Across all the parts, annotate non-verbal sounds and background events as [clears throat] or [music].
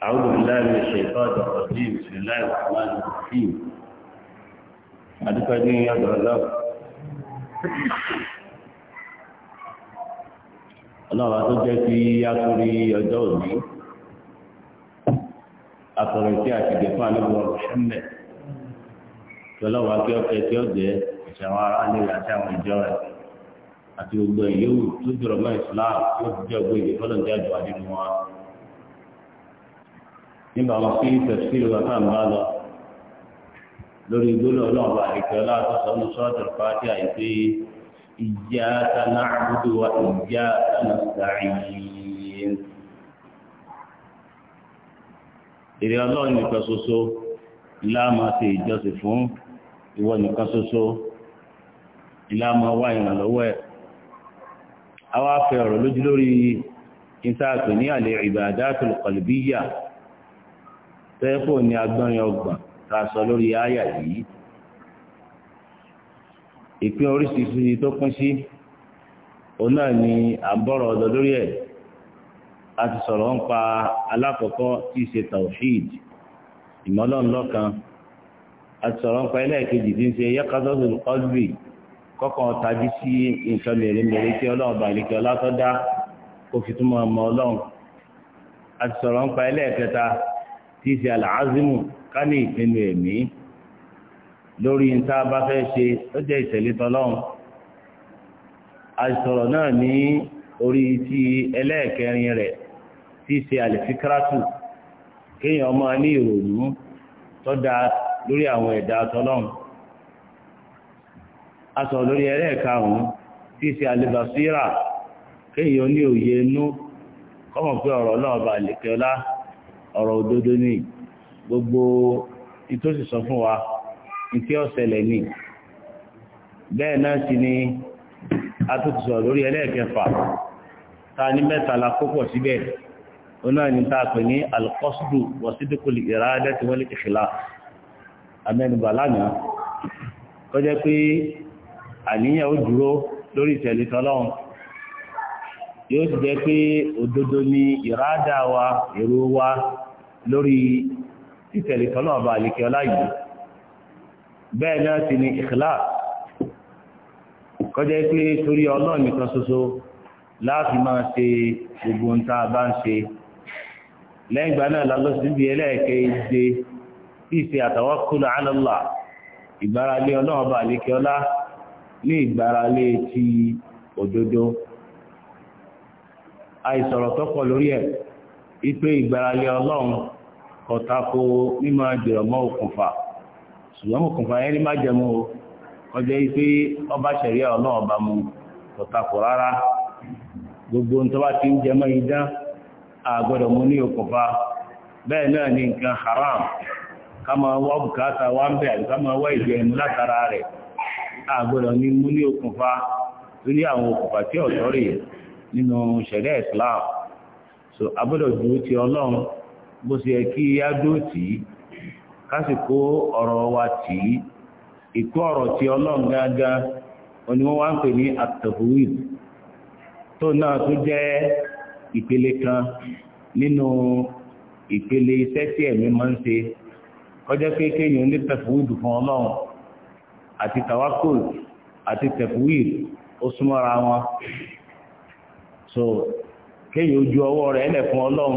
أعوذ بالله من الشيطان الرجيم بسم الله الرحمن الرحيم أدفع دين يا الله ọlọ́wà tó jẹ́ kí yàtúrí ọjọ́ òní àtọ̀rọ̀ tí a ti dé fún àlébùwọ̀ ṣẹ́mẹ̀ tí ọlọ́wà kí ọkẹ́ tí ó jẹ́ ìṣàwọn ará ní àti àwọn ìjọ rẹ̀ àti gbogbo ìyẹ́wò tó jùlọ mọ́ ìsìláà tí ó fi jẹ́ ògbó ìdí fọ́lọ́ǹdé àjọ àdínú wọn nígbà wọn fi tẹ̀síìrì wọn fún àmọ́ lọ lórí gbólóhùn ọlọ́run bá àdìgbò láti sọ ní sọ́ọ̀tì pàtí àìpé ìjà kaná àbúdó wa ìjà kaná sàáyìn. èrè ọlọ́run nìkan ṣoṣo láàmú àti ìjọsìn fún ìwọ nìkan ṣoṣo ìlàmú wá ìrànlọ́wọ́ ẹ̀. àwa fẹ́ ọ̀rọ̀ lójú lórí ìtaàpẹ̀ ní àlè ìbàdàtul qalbiyya tẹ́fò ní agbọ́nrin ọgbọ̀n tá a sọ lórí àyà yìí ìpín oríṣiríṣi tó pín sí òun náà ni à ń ọ̀dọ̀ lórí ẹ̀ a ti sọ̀rọ̀ ń pa alákọ̀ọ́kọ́ tí í ṣe tawhid ìmọ̀lọ́nlọ́kan a ti sọ̀rọ̀ ń pa ẹlẹ́ẹ̀kejì tí ń ṣe yẹ́kọ́sọ́sọ́ ọ̀gbìn kọ́kọ́ tají sí nǹkan mèremère tí ọlọ́run bá ìlẹ́kẹ́ ọlátọ́dá kó fi túmọ̀ ọmọ ọlọ́run a ti sọ̀rọ̀ ń pa ẹlẹ́ẹ̀kẹta tí í àlàázímù ká ní ìpinnu ẹ̀mí lórí níta bá fẹ́ ṣe ó jẹ́ ìtẹ̀lé àìsọ̀rọ̀ náà ní orí ti ẹlẹ́ẹ̀kẹrin rẹ̀ tí í ṣe àlẹ́fíkírátù kéèyàn ọmọ ní ìrònú tó lórí àwọn ẹ̀dá lórí ẹlẹ́ẹ̀karùn-ún tí ṣe àlẹ́bàṣírà kéèyàn ní òye ọ̀rọ̀ òdodo ní gbogbo ìtòsí sọ fún wa ìtí ọ̀sẹ̀lẹ̀ ní bẹ́ẹ̀ náà sì ni atútùsọ̀ lórí ẹlẹ́ẹ̀kẹfà ta ní mẹ́tàlá kópọ̀ síbẹ̀ oná ní ta pè ní alkọ́sùdù wọ́sídìkùlì ìrádẹ́ ti wọ́lé kìfìlà amẹ́nubà lánàá kọjá pé àníyàn ó dúró lórí ìtẹ̀lé tọ́lọ́run yóò sì jẹ́ pé òdodo ni ìrádà wa èrò wa lórí títẹ̀lé tọ́lọ́ ọba àlekẹ́ ọlá yìí bẹ́ẹ̀ náà sì ni ìkìláàsì kọjá pé torí ọlọ́run nìkan ṣoṣo láti máa ṣe gbogbo ohun tá a bá ń ṣe lẹ́yìn ìgbà náà lọ síbi ẹlẹ́ẹ̀kẹ́ ìdè tí ìṣe àtàwakkul ala Allah ìgbáralé ọlọ́run ọba àlekẹ́ ọlá ní ìgbáralé ti òdodo àìsọ̀rọ̀ tọ́pọ̀ lórí ẹ̀ ipe ìgbáralé ọlọ́run kọ̀tàkó mímọ jẹ̀rọ̀mọ́ òkùnfà ṣùgbọ́n òkùnfà yẹn ní má jẹmú o kọjá yìí pé ọba ṣẹ̀ríà ọlọ́run ọba mu kọ̀tàkó rárá gbogbo ń tọ́ba ti ń jẹmọ́ yìí àgbọ̀dọ̀ mú ní òkùnfà bẹ́ẹ̀ náà haram ká máa bùkátà wá ń bẹ̀ ká máa ni mú ní òkùnfà àwọn òkùnfà tí ọ̀tọ́ rè so dúró ti ọlọ́run bó ṣe yẹ kí á dó tì í ọ̀rọ̀ wa tì í ọ̀rọ̀ tí ọlọ́run gángan onye wọ́n wá ń pè ní atahwid tó náà tó jẹ́ ìpele kan nínú ìpele iṣẹ́ tí ẹ̀mí máa ń ṣe kọjá pé ní tafwid fún ọlọ́run àti àti ó so kéèyàn ojú ọwọ́ rẹ̀ fún ọlọ́run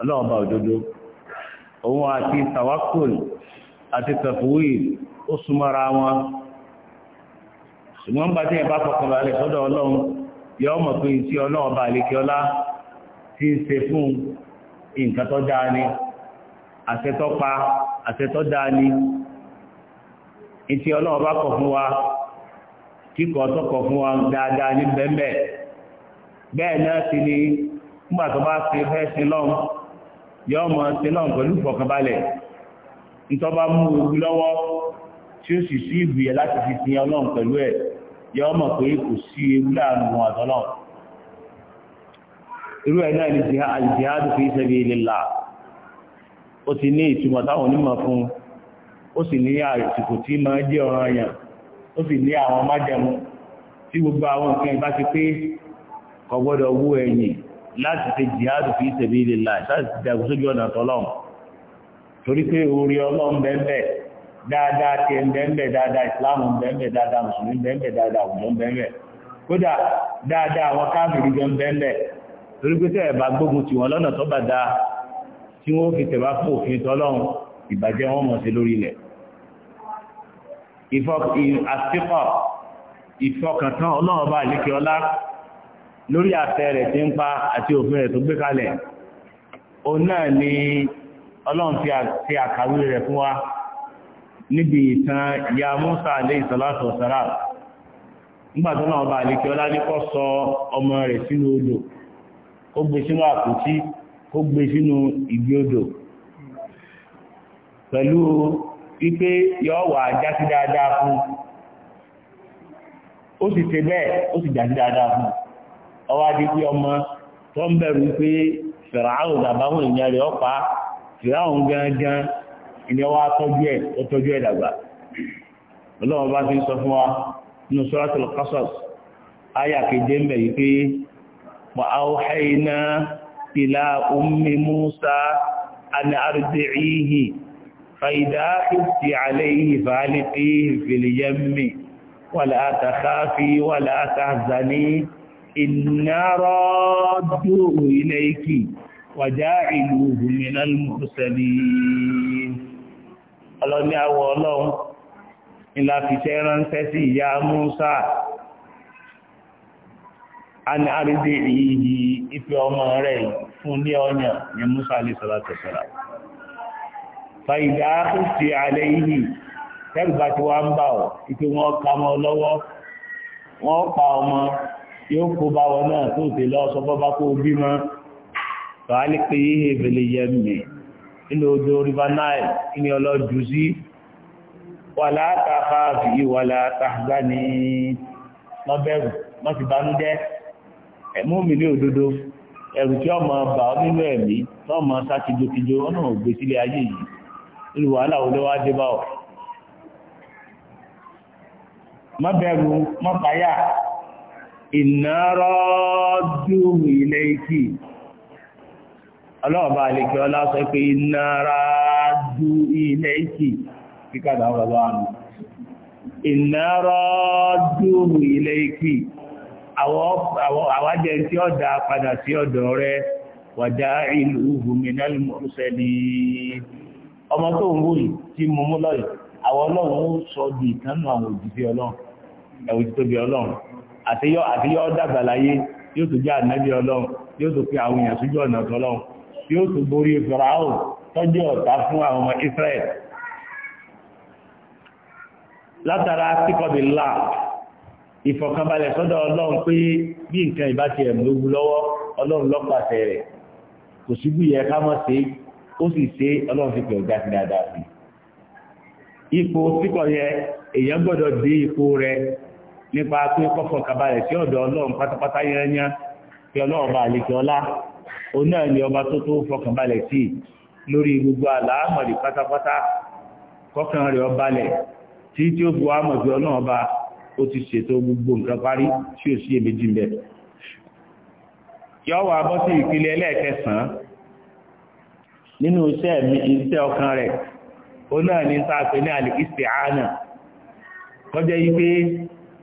ọlọ́ọ̀bá òdodo òun àti tawakul àti tafwid ó súnmọ́ra wọn ṣùgbọ́n bá tí ẹbá bá kọkàn sọ́dọ̀ ọlọ́run yọ ọmọ pé tí ọlọ́ọ̀bá ti ń ṣe fún nǹkan tó dáa bẹ́ẹ̀ tó bá yọ ọmọ sílọ̀n pẹ̀lú fọkànbalẹ̀ nítọ́bá mú ogun lọ́wọ́ tí ó sì sí ìbùyẹ láti fi sin ọlọ́run pẹ̀lú ẹ̀ yọ ọmọ pé kò sí ewu láàrin wọn àtọ́lọ́ irú ẹ̀ náà ni al-jihadu fi sabilillah ó ti ní ìtumọ̀ táwọn onímọ̀ fún ó láti fi jihadu fi sabilillah láti fi jagun sójú ọ̀nà tọ́lọ́run torí pé orí ọlọ́run bẹ́ẹ̀ dáadáa ti ń bẹ́ẹ̀ dáadáa ìsìláàmù bẹ́ẹ̀ dáadáa mùsùlùmí bẹ́ẹ̀ dáadáa òjò bẹ́ẹ̀ kódà dáadáa àwọn káàbìrì gan bẹ́ẹ̀ torí pé tẹ́ẹ̀ bá gbógun tì wọ́n lọ́nà tó bá dáa tí wọ́n fi tẹ̀wá fún òfin tọ́lọ́run ìbàjẹ́ wọn mọ̀ sí lórí ilẹ̀ ìfọkàntán ọlọ́run bá àlékè ọlá lórí àfẹ́ rẹ̀ tí ń pa àti òfin rẹ̀ tó gbé kalẹ̀ o náà ni ọlọ́run fi àkàwé rẹ̀ fún wa níbi ìtàn ìyá Musa alayhi salatu wa salam náà ọba àlekẹ́ ọlá ní kọ́ sọ ọmọ rẹ̀ sínú odò kó gbé sínú àpótí kó gbé sínú ìgbé odò pẹ̀lú wípé yọ wà jásí dáadáa fún ó sì ṣe bẹ́ẹ̀ ó sì jásí dáadáa fún ọwọ́ adébí ọmọ tó ń bẹ̀rù pé fìràáhùn àbáwọn èèyàn rẹ̀ ọ̀pá fìràáhùn gangan ni ọwọ́ atọ́jú ẹ̀ ó tọ́jú ẹ̀ dàgbà ọlọ́run bá ti ń sọ fún wa nínú suratul Qasas ayà keje ń bẹ̀ yìí pé فإذا خفت عليه في اليم ولا تخافي ولا تحزني ìnárọ̀ dúró ilẹ̀ ikì wàjá ìlú òmìnà mùsùlùmí ọlọ́ni àwọ̀ ọlọ́run ìlàfíṣẹ́ ránṣẹ́ sí ìyá Músà a ní àrídé ìyí ìfẹ́ ọmọ rẹ̀ fún ní ọ̀nà ní Músà lè sọ́lá tẹ̀sọ́lá fàìdá ó ti yóò kó bá wọn náà tó tè lọ sọ bọ́bá kó bí mọ́ tọ́álì pé yíhe ìbèlè yẹmì nínú odò river nile ní ọlọ́jú sí wà látàkà fi wà látàkà ní lọ́bẹ̀rù wọ́n ti bánújẹ́ ẹ̀mú mi ní òdodo ẹ̀rù tí ọmọ bà ọ́ nínú ẹ̀mí tọ́mọ sá kijokijo ọ̀nà ògbé sílé ayé yìí nínú wàhálà olówó adé bá ọ̀ má bẹ̀rù má páyà ìnáró dùn ilé ìkì ọlọ́ọ̀bá alẹ́kẹ́ ọlá sọ pé ìnárá dùn ilé ìkì kíkàdà ọ̀rọ̀ lọ́wọ́nù ilé àwájẹ́ tí ó dá padà sí ọ̀dọ̀ rẹ wàjá ìlú hùmìnàl mọ́sẹ̀lì ọmọ tó ń àtiyọ́ àtiyọ́ dàgbà láyé yóò tó jẹ́ ànábì ọlọ́run yóò tó pé àwọn èèyàn sójú ọ̀nà tọ́lọ́run yóò tó borí Fáráò tọ́jú ọ̀tá fún àwọn ọmọ Israel látara síkọ̀bì ńlá ìfọ̀kànbalẹ̀ sọ́dọ̀ ọlọ́run pé bí nǹkan ìbá ti ẹ̀mù lógún lọ́wọ́ ọlọ́run lọ́pàṣẹ rẹ̀ kò sí bí ẹ ká mọ̀ sí ó sì ṣe ọlọ́run fi pè ọ̀gá sí dáadáa sí ipò síkọ̀ yẹ èèyàn gbọ́dọ̀ dé ipò rẹ̀ nípa pé kọ́fọ̀ kàbàlẹ̀ sí ọ̀dọ̀ ọlọ́run pátápátá yẹnyá pé ọlọ́run bá àlejò ọlá òun náà ni ọba tó tó fọkànbalẹ̀ sí lórí gbogbo àlàámọ̀lì pátápátá kọ́kàn rẹ̀ ọbalẹ̀ tí tí ó bu àmọ̀ pé ọlọ́run ọba ó ti ṣètò gbogbo nǹkan parí tí ò sí èméjì mbẹ. yọ wà bọ́ sí ìpele ẹlẹ́ẹ̀kẹsàn-án nínú iṣẹ́ mi iṣẹ́ ọkàn rẹ̀ òun náà ni sáà pé ní àlè ìsìn àánà kọjá yí pé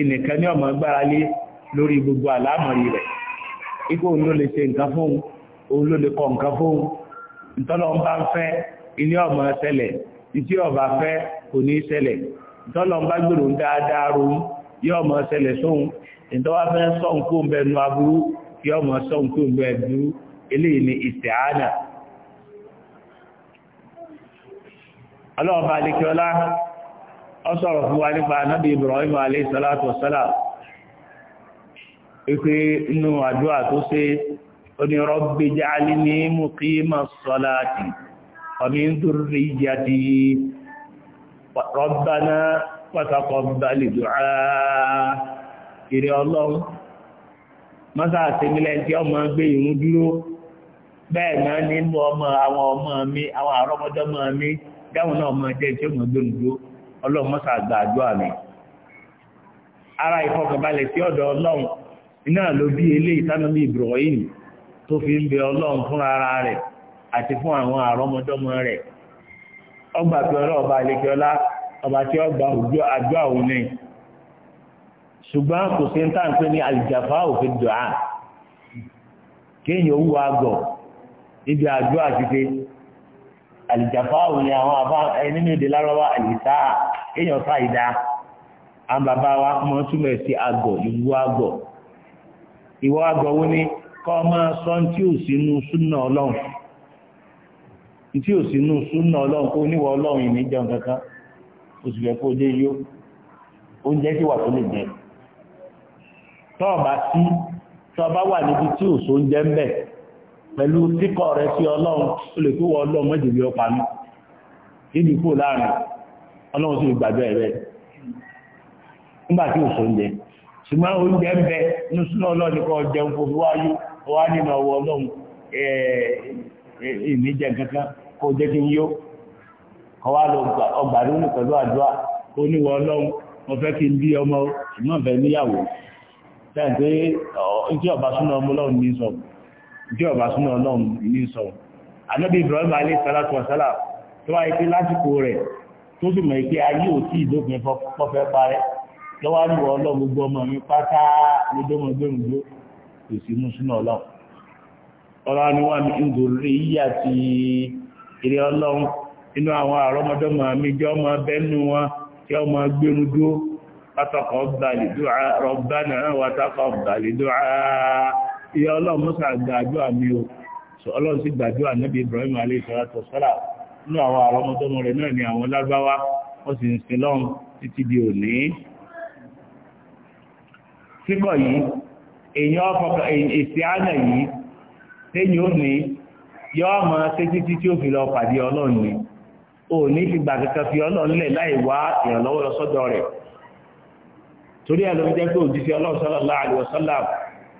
ẹnìkan ní ọmọ gbára lé lórí gbogbo àlámọ̀rí rẹ̀ ikú òun ló lè ṣe nǹkan fún òun ló lè kọ nǹkan fún ìtọ́lọ́ ń bá ń fẹ́ ilé ọmọ ṣẹlẹ̀ ìtí ọba fẹ́ kò ní ṣẹlẹ̀ ìtọ́lọ́ ń bá gbèrò dáadáa ro yí ọmọ ṣẹlẹ̀ sóhun ìtọ́wá fẹ́ sọ̀hún kó bẹnu aburú yí ọmọ bẹnu ọlọ́ọ̀bá ọ sọ̀rọ̀ fún wa nípa anábì Ibrahim alayhi salatu wassalam wípé inú àdúrà tó ṣe oní Rabbi ja'alni muqima ssalati wa min dhurriyyati Rabbana wa taqabbal du'a ìrẹ́ ọlọ́run náà nínú ọmọ àwọn ọlọ́run mọ́sà gba àmì. mi ara ìfọkànbalẹ̀ sí ọ̀dọ̀ ọlọ́run iná ló bí ilé tánàbí Ibrahim tó fi ń bẹ ọlọ́run fún ara rẹ̀ àti fún àwọn àrọ́mọdọ́mọ rẹ̀ ọgbà pé ọba tí ó gba àdúrà àwọn ní ṣùgbọ́n kò sí ń tàn pé ní òfin ibi àlìjàfá òun ni àwọn àbá nínú èdè lárọ́wọ́ àlìsá èèyàn ká ìdá àwọn bàbá wa mọ́ túmọ̀ sí àgọ̀ ìwú àgọ̀ ìwọ́ àgọ̀ wo ni kọ́ máa sọ tí ò sínú súnà ọlọ́run tí ò sínú súnà ọlọ́run kó níwọ̀ ọlọ́run ìní jẹun kankan oṣù fẹ́ kó dé yó oúnjẹ sì wà tó lè jẹ tọ́ọ̀bá sí tọ́ọ̀bá wà níbi tí ò sóúnjẹ ń bẹ̀ pẹ̀lú kíkọ̀ rẹ̀ sí ọlọ́run tó lè kó wọ ọlọ́run mẹ́jìlí ọpa mi níbi kó láàrin ọlọ́run sì gbàgbé rẹ̀ nígbà tí ò ṣùgbọ́n oúnjẹ ń bẹ ní súná ọlọ́run kọ́ jẹun wá nínú ọwọ́ ọlọ́run kankan kó jẹ́ kí n yó lọ ọgbà lónìí pẹ̀lú àdúrà ọlọ́run mo fẹ́ kí n bí ọmọ jẹ́ ọ̀bá súnmọ́ ọlọ́run ní sọ anábì Ibrahim alẹ́ sálátù ọ̀sálà tó wáyé pé lásìkò rẹ̀ tó sì mọ̀ pé ayé ò tí ìdópin pọ́fẹ́ parẹ́ lọ́wọ́ àríwọ̀ ọlọ́run gbogbo ọmọ mi pátá lójómọ gbẹ̀rùndó kò sí mú súnmọ́ ọlọ́run ọ̀rọ̀ ni wọ́n mi ń gòrè yíyà ti eré ọlọ́run inú àwọn àrọ́mọdọ́mọ mi jẹ́ ọmọ bẹ́nu wọn tí ọmọ gbẹ̀rùndó pátákọ̀ ọ̀gbàlè dùn ìyá ọlọ́run mọ́sà gbàdúrà mi o ọlọ́run sì gbàdúrà níbi Ibrahim aléṣọ́látọ̀ sọ́là nínú àwọn àrọ́mọdọ́mọ rẹ̀ náà ni àwọn lágbáwá wọ́n sì ń sin lọ́run títí di òní síbọ̀ yìí èyàn ọkọ̀ èsì ánà yìí tẹ́yìn ó ní yọ́ ọmọ ṣe títí tí ó fi lọ pàdé ọlọ́run ni ò ní fi gbà kankan fi ọlọ́run lẹ̀ láì wá ìrànlọ́wọ́ lọ sọ́dọ̀ rẹ̀ torí ẹ̀ ló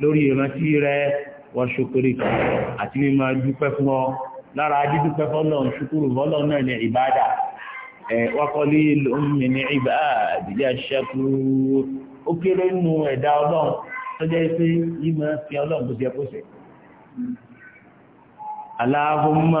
lórí ìrántí rẹ wọ́n ṣokòrè àti mímọ dúpẹ́ fún ọ lára dídúpẹ́ fọ́lọ̀ ṣukúrù fọ́lọ̀ náà ní ìbáàdà wákọ́lé lómi ní ìbáàdìjà ṣẹ́kù ó kéré nínú ẹ̀dá ọlọ́run tó jẹ́ pé yíma fi ọlọ́run tó ṣe kó ṣe. aláhùnmá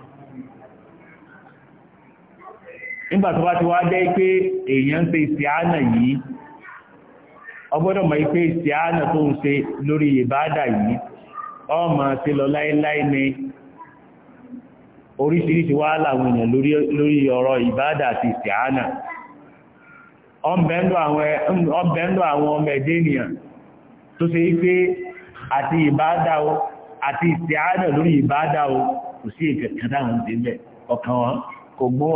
nígbà tó bá ti wá jẹ́ pé èèyàn ń ṣe ìsìáánà yìí ọgbọ́dọ̀ mọ̀ pé ìsìáánà tó ń ṣe lórí ìbáadà yìí ọmọ ti lọ láíláí ni oríṣiríṣi wá láwọn èèyàn lórí ọ̀rọ̀ ìbáadà àti ìsìáánà ọ̀bẹ̀ndọ̀ àwọn ọmọ ẹ̀dẹ́ ènìyàn tó ṣe pé àti ìbáadà o àti ìsìáánà lórí ìbáadà o kò sí ìkẹ̀kẹ̀ náà ń délẹ̀ ọkàn kò gbọ́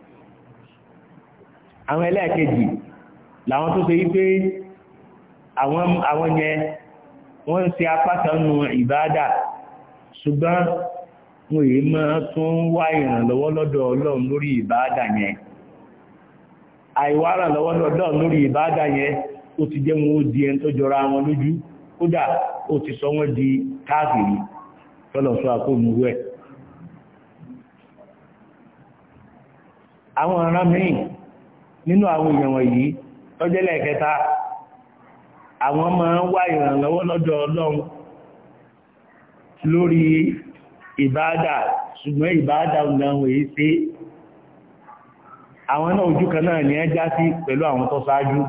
àwọn ẹlẹ́ẹ̀kejì làwọn tó ṣe wípé àwọn yẹn wọ́n ń ṣe apáta nù ìbáadà ṣùgbọ́n wọ́n èyí máa tún wá ìrànlọ́wọ́ lọ́dọ̀ ọlọ́run lórí ìbáadà yẹn àìwá ìrànlọ́wọ́ lọ́dọ̀ ọlọ́run lórí ìbáadà yẹn ó ti jẹ́ wọn ó di ẹni tó jọra wọn lójú kódà ó ti sọ wọ́n di káàkiri tọ́lọ̀ sọ ẹ̀ àwọn ará mìíràn nínú àwọn èèyàn wọ̀nyí lọ́jẹ́lẹ̀ kẹta àwọn máa ń wá ìrànlọ́wọ́ lọ́dọ̀ ọlọ́run lórí ìbáadà ṣùgbọ́n ìbáadà ọ̀gbọ̀n èyí sí àwọn náà ojú kan náà ní ẹjá sí pẹ̀lú àwọn tó ṣáájú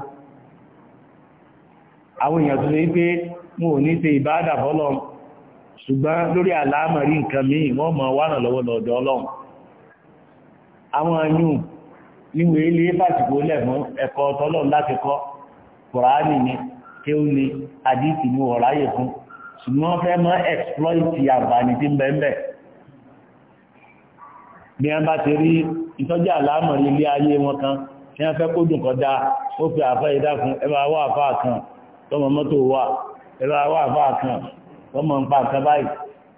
àwọn èèyàn tó ní pé wọn ò ní ṣe ìbáadà fọ́lọ́ ṣùgbọ́n lórí àlámọ̀rí nǹkan míì wọ́n mọ̀ wá ìrànlọ́wọ́ lọ́dọ̀ ọlọ́run àwọn anyùn ìwé ilé fàṣìkò lẹ́mọ́ ẹ̀kọ́ tọ́lọ̀ láti kọ́ kùránì ni kí ó ní àdíkì ní ọ̀ráyè fún ṣùgbọ́n fẹ́ mọ́ ẹ̀xplọ́ìtì àǹfààní tí ń bẹ ń bẹ bí wọ́n bá ti rí ìtọ́jú àlámọ̀ ilé ayé wọn kan tí wọ́n fẹ́ kó dùn kọjá ó fi àfẹ́ ìdákun ẹ kan tọmọ mọ́tò wà ẹ bá wá kan tọmọ ń pa kan báyìí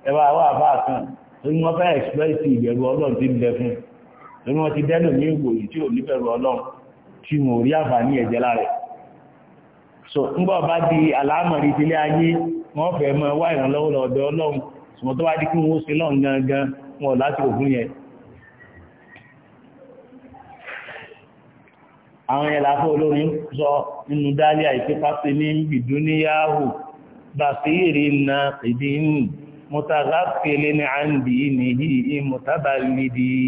ẹ kan torí wọ́n fẹ́ ẹ̀xplọ́ìtì ìbẹ̀rù ọlọ́run ti ń fún un lórí wọn ti dẹ́lò ní ìwòyí tí ò níbẹ̀rù ọlọ́run tí wọn ò rí àǹfààní ẹ̀jẹ̀ lára so ńgbọ́ bá di àlámọ̀rí ìdílé ayé wọ́n fẹ́ mọ wá ìrànlọ́wọ́ lọ́dọ̀ ọlọ́run ṣùgbọ́n tó bá di kí wọ́n ṣe lọ́n gangan wọn ò láti òfin yẹn àwọn yẹn láfẹ́ olórin sọ nínú dálíà ìpépásí ní ìdúníyàwó bàṣírí na ìdí mùtàgáfẹ́lẹ́ ní àǹdí nìyí mùtàbálídìí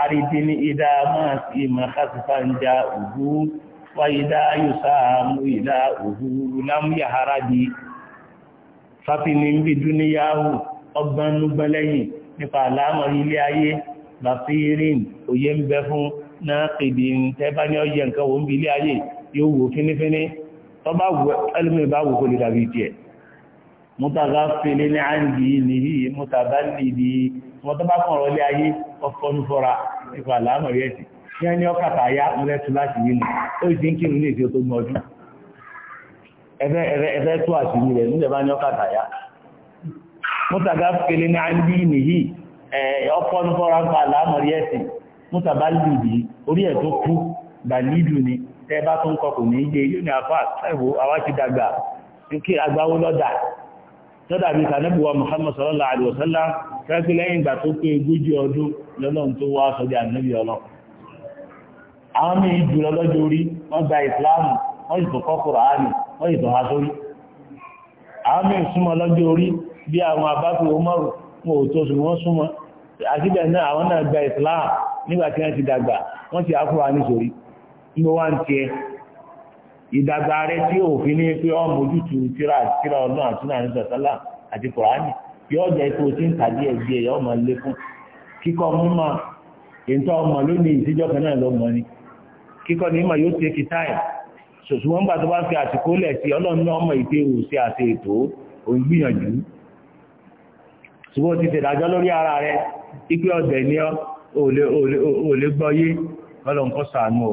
àrídìní ìdá máa sí ìmọ̀ kásìfà ń já òhú wá ìdá yóò mú ìdá òhú lámúyà ara di fáfíní ń bí dúníyàwó ọgbọ́n núgbọ́n lẹ́yìn nípa àlámọ̀ ilé ayé bàfírin òye ń bẹ fún náà pèdè tẹ́bá ní ọyẹ wọ́n ẹlùmí bá wò lè dàbí tiẹ̀ mọ́tàgáfẹ́lẹ́ ní àǹdì nìyí mọ́tàbálìdì wọ́n tó bá kàn rọlé ayé ọkọ̀nù fọ́ra nípa àlàámọ̀ rẹ̀ sí ní ẹni ọkàtà ayá mọ́lẹ́tù láti nínú ó sì ń kírun ní èsì tó gbọ́n ọdún ẹ̀fẹ́ tó àṣírí rẹ̀ nílẹ̀ bá ní ọkàtà ayá mọ́tàgáfẹ́lẹ́ ní àǹdì nìyí ọkọ̀nù fọ́ra nípa àlàámọ̀ rẹ̀ sí mọ́tàbálìdì orí ẹ̀ tó kú bàlídù ni ní tọ́dà bí tànẹ́bùwà Muhammad sallallahu alaihi wasallam kẹ́kí lẹ́yìn ìgbà tó pé ogójì ọdún lọ́lọ́run tó wá sọ́jà ànábì ọlọ́run àwọn míì jùlọ lọ́jọ́ orí wọ́n gba ìsìláàmù wọ́n sì tọ́kọ́ kùránì wọ́n sì tọ́ha sórí àwọn míì súnmọ́ lọ́jọ́ orí bí àwọn abáfi omaru wọn ò tóṣù wọ́n súnmọ́ àtibẹ̀ náà àwọn náà gba ìsìláàmù nígbà tí wọ́n ìdàgbà rẹ tí òfin ní pé ọ mójútu tíra tíra ọlọ́run àti náà nígbà sálà àti kùránì yóò jẹ́ pé o ti ń kà díẹ̀ díẹ̀ ọmọ ni ní yóò tó bá fi àsìkò sí ọlọ́run náà ìpè wò sí àti ètò òun ara rẹ ipe ni lè ọlọ́run kọ́ sàánú o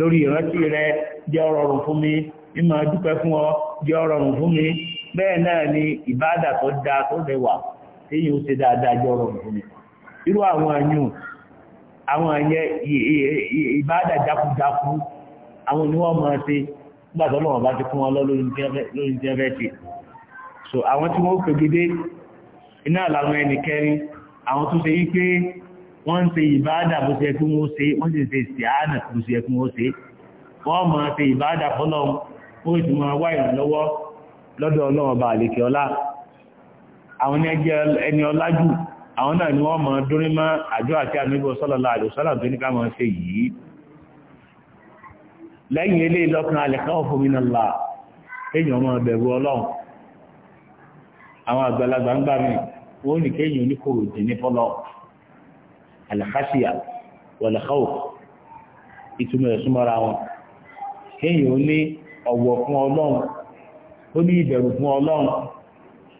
lórí ìrántí rẹ jẹ́ ọrọ̀rùn fún mi mímọ̀ dúpẹ́ fún ọ jẹ́ ọrọ̀rùn fún mi bẹ́ẹ̀ náà ni ìbáàdà tó dáa tó rẹwà èyí ó ṣe dáadáa jẹ́ ọrọ̀rùn fún mi irú àwọn àyùn àwọn àyẹ ìbáàdà jákujáku àwọn oníwọ̀n máa ṣe nígbà tó lọ́wọ́ bá ti fún wọn lọ so àwọn tí wọ́n pè gidi iná làwọn ẹnì kẹrin wọ́n ń ṣe ìbáadà bó ṣe fún wọ́n ṣe wọ́n sì ṣe ìsìáànà bó ṣe fún wọ́n ṣe wọ́n máa ṣe ìbáadà fọ́lọ́ ó sì máa wá ìrànlọ́wọ́ lọ́dọ̀ ọlọ́run bá àlèkè ọlá àwọn ẹni ọlájú àwọn náà ni wọ́n máa dórí mọ́ àjọ àti àmìbọ̀ sọ́lọ́lá àdòsọ́lá tó ní ká máa ṣe yìí àlàkásíà wọ̀lẹ̀kọ́ọ̀ ìtumọ̀ rẹ̀ súnmọ́ra wọn kéèyàn ó ní ọ̀wọ̀ fún ọlọ́run ó ní ìbẹ̀rù fún ọlọ́run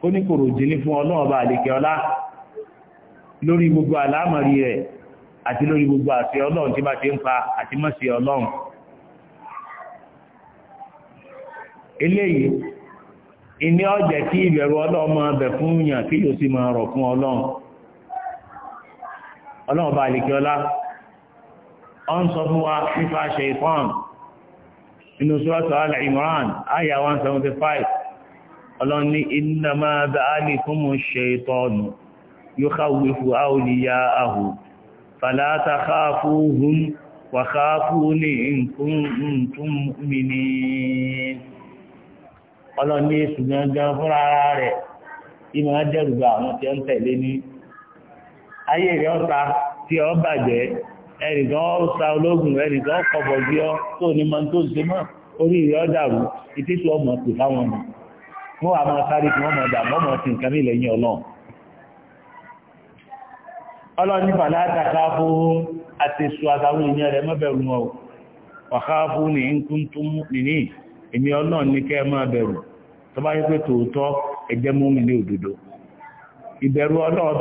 ó ní kòròjìní fún ọlọ́run bá àlèkè ọlá lórí gbogbo àlámọ̀rí rẹ̀ àti lórí gbogbo àṣẹ ọlọ́run tí bá ti ń pa àti mọ́sí ọlọ́run eléyìí ìní ọ̀jẹ̀ kí ìbẹ̀rù ọlọ́run máa bẹ̀ fún yàn kí yóò sì máa rọ̀ fún ọlọ́run ọlọ́ọ̀bá àlèkíọ́lá ọ ń sọ fún wa nípa ṣe ìfọ́n inú sọ́ọ̀tọ̀ Al-Imran àyà 175 ọlọ́ni innama dhālikumu ash-shaytānu yukhawwifu awliyā'ahu falā takhāfūhum wa khāfūnī in kuntum mu'minīn ọlọ́ni èṣù gangan fúnra rẹ̀ ìmọ̀ ajẹ́rùgbà àwọn tí ó ní ayé rẹ̀ ọta tí ọ bàjẹ́ ẹnìkan ọ̀ta ológun ẹnìkan kọ̀bọ̀ bí ọ tó ní mọ́ tó ṣe mọ́ orí rẹ̀ ọ̀dàrú ìtítù ọmọ pè fáwọn ọmọ wọn wà sáré kí wọ́n dà mọ́ sí nǹkan ní ọlọ́run ọlọ́ni fún àti àtàwọn rẹ̀ mọ́bẹ̀rù wọn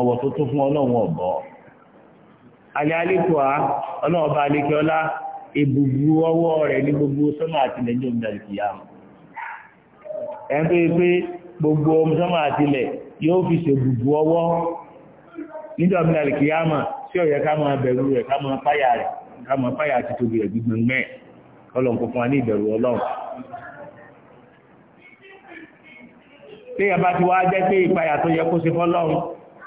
ọ̀wọ̀ tó tó fún ọlọ́run ọ̀bọ̀ alẹ́ alékùá ọlọ́run bá alékẹ́ ọlá ìbùbù ọwọ́ rẹ̀ ní gbogbo sọ́mà àti ilẹ̀ jọ́ ìdàlẹ̀ kìyà ẹ̀ ń pè pé gbogbo sọ́mà àti ilẹ̀ yóò fi ṣe bùbù ọwọ́ níjọ́ ìdàlẹ̀ kìyà mà sí ọ̀yẹ́ ká máa bá ti wá jẹ́ pé ìpayà tó yẹ kó ṣe fọ́lọ́run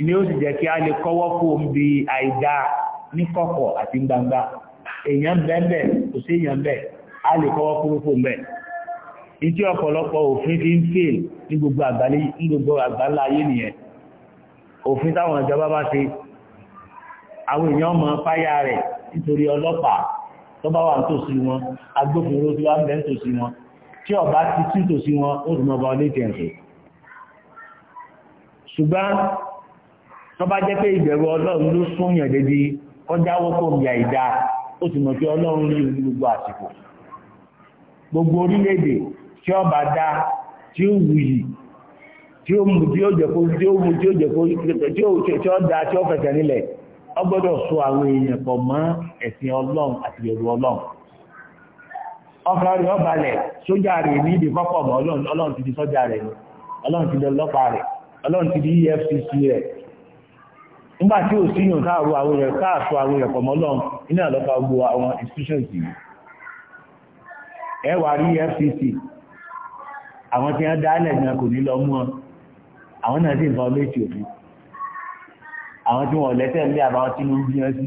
ni ó sì jẹ́ kí a lè kọ́wọ́ fún bí àìdá ní kọ̀kọ̀ àti gbangba èèyàn bẹ́ẹ̀bẹ̀ kò sí èèyàn bẹ́ẹ̀ a lè kọ́wọ́ fún fún bẹ́ẹ̀ ní tí ọ̀pọ̀lọpọ̀ òfin fi ń fè ní gbogbo àgbálẹ̀ ní gbogbo àgbálá ayé nìyẹn òfin táwọn ìjọba bá ṣe àwọn èèyàn ṣùgbọ́n tó bá jẹ́ pé ìbẹ̀rù ọlọ́run ló súnyàn débi kọjáwó kò bí àìdá ó sì mọ̀ pé ọlọ́run rí gbogbo àsìkò gbogbo orílẹ̀-èdè tí ó bá dá tí ó wuyì tí ó mú tí ó jẹ̀kó tí ó mú tí ó jẹ̀kó tí ó dá tí ó fẹsẹ̀ nílẹ̀ ó gbọ́dọ̀ so àwọn èèyàn pọ̀ mọ́ ẹ̀sìn ọlọ́run àti ìbẹ̀rù ọlọ́run ọkọ̀ rẹ̀ ọba lẹ̀ sójà rẹ̀ ní ìdí kọ́kọ̀ mọ́ ọlọ́run ti di sójà rẹ̀ ọlọ́run ti di ọlọ́pàá rẹ̀ ọlọ́run ti di EFCC rẹ̀ nígbà tí ò síyàn káàrù àwọn rẹ̀ káàtó àwọn rẹ̀ pọ̀mọ́ lọ́n iná lọ́pá gbogbo àwọn institutions yìí ẹ wà rí FCC àwọn tí wọ́n dálẹ̀ ní kò ní lọ mú ọ àwọn náà sì ń fa méjì òfin àwọn tí wọ́n lẹ́tẹ̀ lé àbáwọn tí wọ́n ń bí wọn sí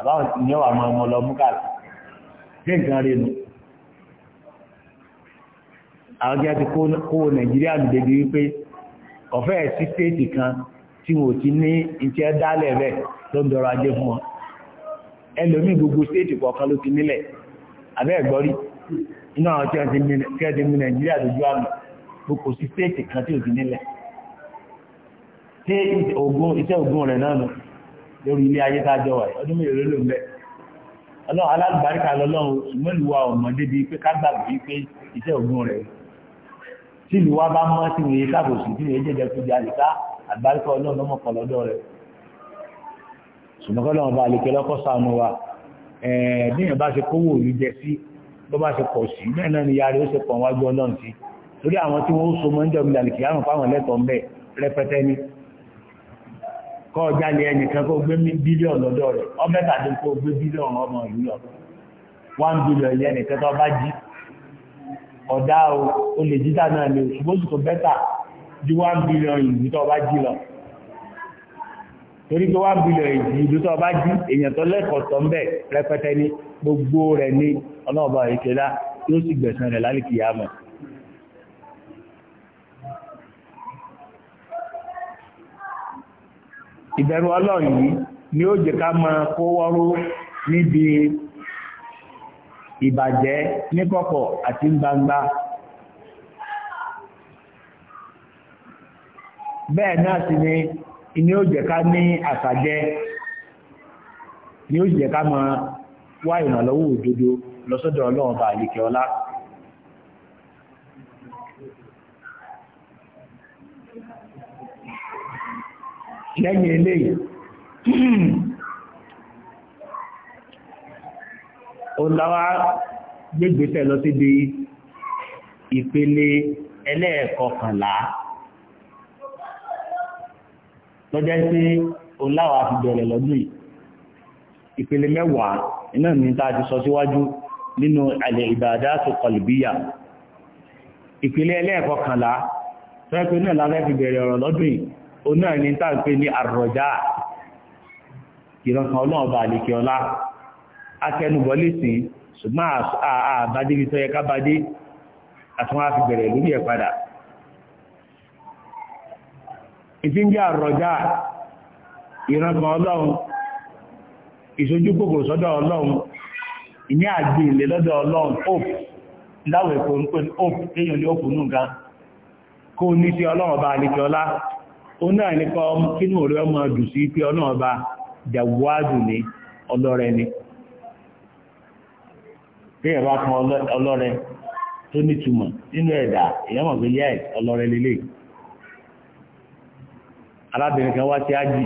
àbáwọn tí wọ́n wà mọ́ ọmọ lọ mú káàkiri sí nǹkan rẹ̀ nù àwọn tí wọ́n ti kó Nàìjíríà lùdẹ́gbẹ́ wípé ọ̀fẹ́ sí stéètì kan tí wọ́n ti ní ìtẹ́ dálẹ̀ rẹ̀ ló ń dọrọ̀ ajé fún wọn ẹlòmí gbogbo stéètì kọ̀ọ̀kan ló ti nílẹ̀ abẹ́ ẹ̀gbọ́rí inú àwọn tí wọ́n ti mú nàìjíríà lójú àmì gbogbo sí stéètì kan tí ò ti nílẹ̀ ṣé iṣẹ́ ògùn rẹ̀ náà nù lórí ilé ayé tá a jọ wà ọdún mélòó ló ń bẹ ọlọ́run alágbàríkà lọ́lọ́run ìmọ̀lúwa ọ̀mọdé bíi pé ká gbàgbé pé iṣẹ́ ògùn rẹ̀ tí ìlú wa bá mọ́ tí wòye káàbòsì tí wòye jẹ́jẹ́ fún jalè ká àgbáríkọ ọlọ́run lọ́mọ pọ̀ lọ́dọ̀ rẹ̀ ṣùgbọ́n kọ́lọ́run bá lè kẹ́ lọ́kọ́ sànù wa bíyàn bá ṣe kówó òru jẹ sí bó bá ṣe pọ̀ sí bẹ́ẹ̀ náà ni yàrá ó ṣe pọ̀ wájú ọlọ́run sí torí àwọn tí wọ́n so mọ́ńjọ́ mi lálẹ́ kìí àrùn fáwọn ẹlẹ́tọ̀ọ́ mbẹ́ rẹpẹtẹ ni kọ́ jalè ẹnìkan kó gbé bílíọ̀nù lọ́dọ̀ rẹ̀ ọ ọ̀dá o ó lè jíjà náà lè ṣùgbọ́n tó bẹ́tà ju one billion ìlú tó bá jí lọ torí pé one billion ìlú tó bá jí èèyàn tó lẹ́kọ̀ọ́ tó ń bẹ rẹpẹtẹ ní gbogbo rẹ̀ ní ọlọ́ọ̀bà ìkẹlá yóò sì gbẹ̀sán rẹ̀ lálìkìyàmọ̀ ìbẹ̀rù ọlọ́run yìí ni ó jẹ́ ká ìbàjẹ́ níkọ̀kọ̀ àti gbangba bẹ́ẹ̀ náà sì ni ni ó jẹ́ ká ní àsàjẹ́ ni ó jẹ́ ká mọ wá ìrànlọ́wọ́ òdodo lọ́sọ́dọ̀ ọlọ́run bá àlìkẹ́ ọlá lẹ́yìn eléyìí [clears throat] ó láwá gbégbésẹ̀ lọ síbi ìpele ẹlẹ́ẹ̀kọkànlá lọ́jọ́ sí oláwà fi bẹ̀rẹ̀ lọ́dún yìí ìpele mẹ́wàá iná ní tá a ti sọ síwájú nínú àlẹ̀ ìbàdátù kọlùbíyà ìpele ẹlẹ́ẹ̀kọkànlá tọ́ẹ̀kọ́ náà lábẹ́ fi bẹ̀rẹ̀ ọ̀rọ̀ lọ́dún yìí o náà ní tá a pè ní àrọ̀já ìrọ̀kan ọlọ́ọ̀bà àlèkè ọlá akẹnubọ̀lì sí ṣùgbọ́n àbádé ibi tó yẹ kábádé àtúnwá fi bẹ̀rẹ̀ lórí ẹ̀ padà ìfíńjẹ́ àrọ̀já ìrànkan ọlọ́run ìṣojú kòkòrò sọ́dọ̀ ọlọ́run ìní àgbè ilẹ̀ lọ́dọ̀ ọlọ́run hope láwọn èkó ń pè ní hope téèyàn ní òkú nùgá kó ní sí ọlọ́run ọba àlejò ọlá ní ọlọ́rẹ ni. Ọlọ́rẹ̀ ni téèyàn bá kan ọlọ́rẹ tó nítumọ̀ nínú ẹ̀dá èèyàn mọ̀ pé yá ẹ̀ ọlọ́rẹ lélẹ̀ arábìnrin kan wá sí ájì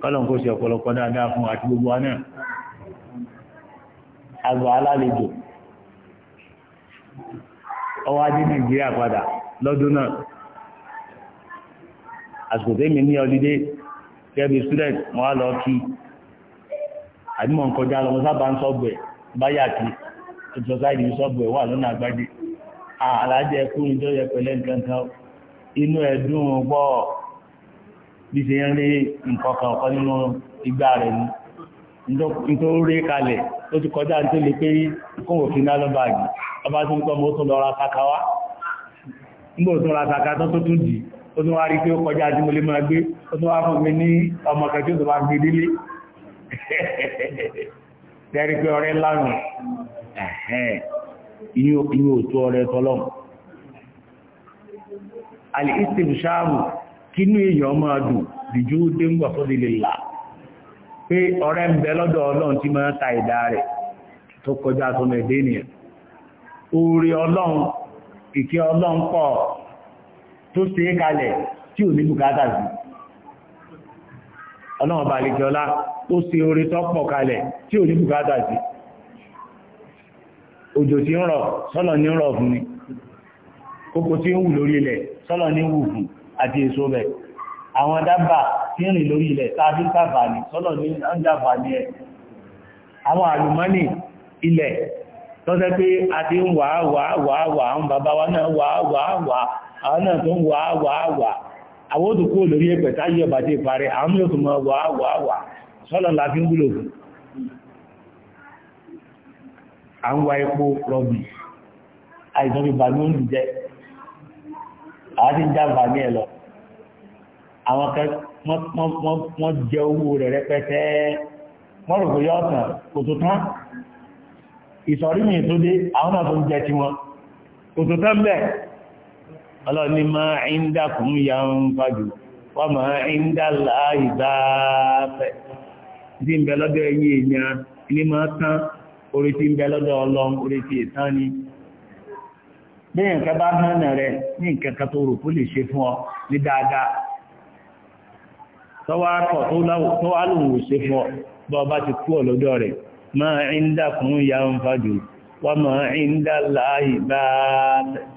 kọ́lọ̀ kó ṣe ọ̀pọ̀lọpọ̀ dáadáa fún àti gbogbo wa náà àgbà alálejò ọwọ́ ajé nàìjíríà padà lọ́dún náà àsìkò tẹ́mi ní ọdídé gẹ́gẹ́ bí student mo wá lọ kí àdìmọ̀ nǹkan já lọ sábà ń sọ́gbẹ̀ẹ́ báyà kí ètò sáìdì ìṣọ́bù ẹ̀ wà lọ́nà àgbájé àlàájẹ kú ní tó yẹ pẹ̀lẹ́ nǹkan kan inú ẹ̀dùn pọ̀ bí ṣe ń rí nǹkan kan ọ̀kan nínú igbá rẹ̀ ni nítorí rí kalẹ̀ tó ti kọjá tó lè pé kóhùn òfin náà lọ́ba àgbì ọba tó ń kọ́ mọ́ tó lọ ra saka wá nígbà tó ra saka tó tó tún dì ó tún wá rí pé ó kọjá tí mo lè [laughs] tẹ́rí pé ọrẹ lánàá ẹ̀hẹ́n inú òtú ọrẹ tọ́lọ́m alìsìm ṣáàrù kí ní èèyàn máa dùn dìjú dé ń gbà fọ́dí là pé ọrẹ ń bẹ lọ́dọ̀ ọlọ́run tí máa ta ìdá rẹ̀ tó kọjá tó mẹ́dé ọlọ́run ọlọ́run bá lè jọlá ó ṣe orí tọ́pọ̀ kalẹ̀ tí ò ní bùkátà sí òjò tí ń rọ̀ sọ́lọ̀ ní rọ̀ fún ni kókó tí ń wù lórí ilẹ̀ sọ́lọ̀ ní wù fún àti èso bẹ̀ àwọn dábà tí ń rìn lórí ilẹ̀ tàbí tàbà ní sọ́lọ̀ ní ọ́njàbà ní ẹ̀ àwọn àlùmọ́nì ilẹ̀ tọ́sẹ́ pé a ti ń wà wà wà wà àwọn bàbá wa náà wà àwọn òtù kó lórí ẹgbẹ̀ táyé ọba dé parí àwọn yóò tún mọ́ wà wà wà sọ́lọ̀ la ń wúlò fún à ń wa epo rọ̀bì àìsàn fi bàmí oúnjẹ jẹ àwọn ti ń já bàmí ẹ lọ àwọn kan wọ́n jẹ owó rẹ̀ rẹpẹtẹ wọ́n rò pé yọ ọ̀sán kò tó tán ìsọ̀rí mi tó dé àwọn náà tó ń jẹ tiwọn kò tó tán bẹ́ẹ̀ ọlọ́ni máa ń dákùn ya ń fàjù wọ́n máa ń dálà ìdáfẹ́ tí ń bẹ lọ́dọ̀ ẹ̀yìn ní máa tán orí tí ń bẹ lọ́dọ̀ orí tí ni bí nǹkan bá hàn rẹ̀ ní nǹkan tó rò kó lè ṣe fún ọ ní dáadáa tọ́wọ́ ọ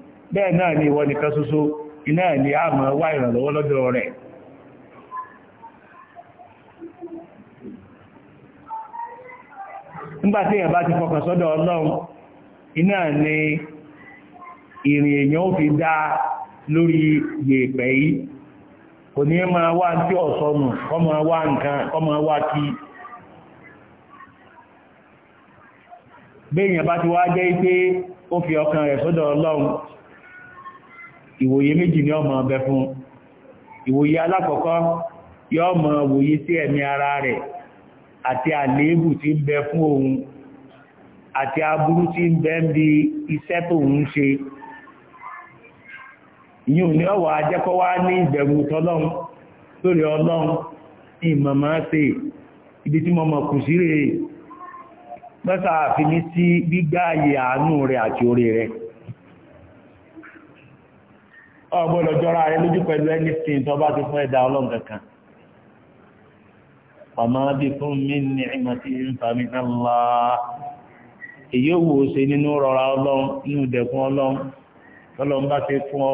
bẹ́ẹ̀ náà ni ìwọ nìkan ṣoṣo iná ni a mọ̀ wá ìrànlọ́wọ́ lọ́dọ̀ rẹ̀ nígbàtí èèyàn ti fọkàn sọ́dọ̀ ọlọ́run iná ni ìrìn èèyàn ó fi dá lórí yèèpẹ̀ yìí kò ní máa wá tí ọ̀sọ̀nù kọ́ máa wá nǹkan kọ́ máa kí béèyàn bá ti wá jẹ́ pé ó fi ọkàn rẹ̀ sọ́dọ̀ ọlọ́run ìwòye méjì ni ọmọ ọbẹ̀ fún ìwòye alákọ̀ọ́kọ́ yọ mọ wòye sí ẹ̀mí ara rẹ̀ àti àléébù tí ń bẹ fún òun àti aburú tí ń bẹ ń bi iṣẹ́ tó ń ṣe ìyí ní ọwọ́ ajẹ́kọ́ wá ní ìbẹ̀rù tọ́lọ́run lórí ọlọ́run ní ìmọ̀mọ́ ibi tí ọgbọ́dọ̀ jọra rẹ lójú pẹ̀lú anything tó bá ti fún ẹ̀dá ọlọ́run kankan ọmọ bí fún mi ní ìmọ̀tí ìfàmì ńlá èyí ò ṣe nínú rọra ọlọ́run nínú dẹ̀kun ọlọ́run tọ́lọ́run bá ṣe fún ọ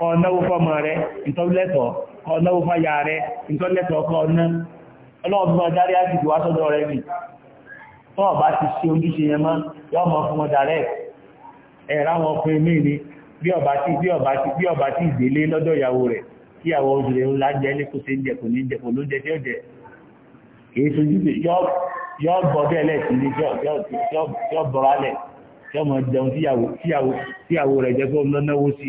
kọ náwó fọ́mọ rẹ̀ ìtọ́lẹ́tọ̀ kọ náwó fáyà rẹ̀ ìtọ́lẹ́tọ̀ kọ ná ọlọ́ọ̀bùnmọ̀ dárí àjìdì wá sọ́dọ̀ rẹ̀ nì tọ́ bá ti ṣe ojúṣe yẹn yọ́ mọ́ fún ni bí ọba tí bí ọba tí bí ọba tí ìdílé lọ́dọ̀ ìyàwó rẹ̀ kí àwọn ojúlé ńlá jẹ́ ní kó ṣe ń jẹ kò ní jẹ kò ló jẹ tí ó jẹ kìí sojú pé yọ́ bọ̀ bẹ́ẹ̀ lẹ̀ sí jẹun tíyàwó rẹ̀ jẹ́ fóun lọ́náwó sí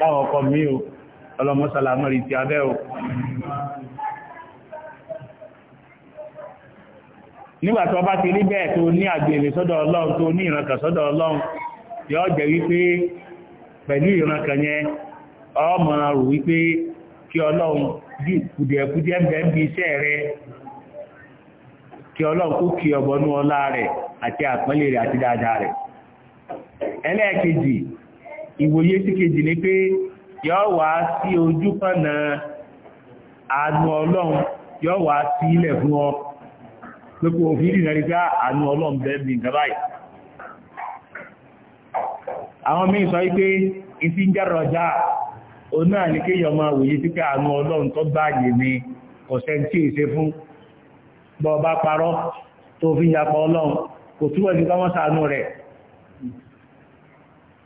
láwọn ọkọ̀ mi o ọlọ́mọ́sàlámọ́rí ti abẹ́ o nígbàtí ọba ti rí bẹ́ẹ̀ tó ní àgbèrè sọ́dọ̀ ọlọ́run tó ní ìrànkà sọ́dọ̀ ọlọ́run ó jẹ́ wípé pẹ̀lú ìrànkà yẹn ọmọ wípé kí bí rẹ̀ àti rẹ̀ ẹlẹ́ẹ̀kejì ìwòye sí kejì ni pé yọ́ wá sí ojú kànnà àánú ọlọ́run yọ́ wá sí ilẹ̀ fún ọ lókò òfin ìrìnà rí pé ah, àánú ọlọ́run bẹ́ẹ̀ bí àwọn míì sọ wípé ìfi ń jẹ́rọ ọjà òun náà ní kéèyàn máa wòye sí pé àánú ọlọ́run tó gbáàyè ni ọ̀sẹ̀ tí ì ṣe fún bọ́ ọba parọ́ tó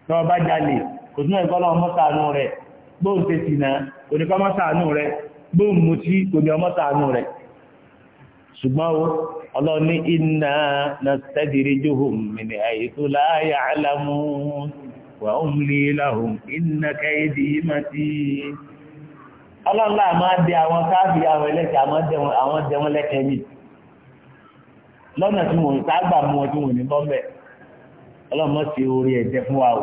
náà bá jalè kò tún ẹ̀kọ́ lọ́wọ́ mọ́sàánú rẹ̀ bóun ṣe sìnà kò ní kọ́ mọ́sàánú rẹ̀ bóun mutí kò ní ọmọ́sàánú rẹ̀ ṣùgbọ́n o ọlọ́ni inna nastadrijuhum min haythu la ya'lamun wa umli lahum inna kaydi matin ọlọ́lá máa dé àwọn káàbì àwọn ẹlẹ́kẹ̀ àwọn jẹun lẹ́kẹ̀ẹ́ mi lọ́nà tí wọ́n sáàgbà mú ọdún òní bọ́m̀bẹ̀ ọlọ́mọ sí orí ẹ̀jẹ̀ fún wa o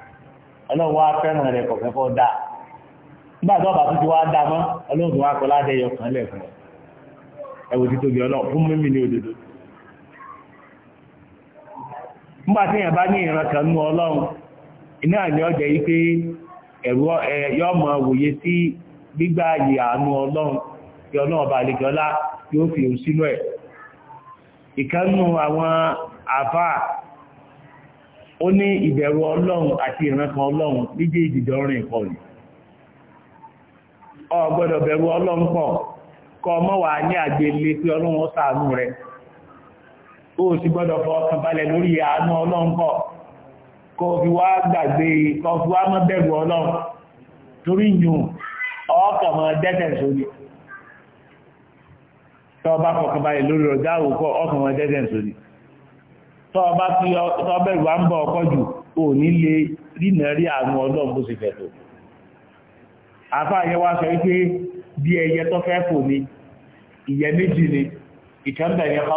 ọlọ́run wá fẹ́ràn rẹ̀ kọ̀fẹ́ kọ́ dá nígbà tó ti wá dá mọ́ ọlọ́run wá kọ́ yọ kan lẹ̀ fún tí tóbi fún mímí ní òdodo nígbà tí ní ìran kan ọlọ́run iná àní ọjà ọba yóò fi òun sínú ẹ̀ ó ní ìbẹ̀rù ọlọ́run àti ìrànkan ọlọ́run méjèèjì dọ́rin pọ̀ ni o bẹ̀rù ọlọ́run pọ̀ kọ mọ́ wà ní àgbèlè pé ọlọ́run ó rẹ̀ ó sì gbọ́dọ̀ fọ lórí àánú ọlọ́run pọ̀ kọ fi tọ́ọ̀bá tí ọbẹ̀ ìwà ń bọ̀ ọkọ̀ jù o ní lè rínà rí àánú ọlọ́run bó sì fẹ̀ afá wá sọ wípé bí ẹyẹ tó ni ìyẹ́ méjì ni ìkẹ́ńbẹ̀ yẹn bá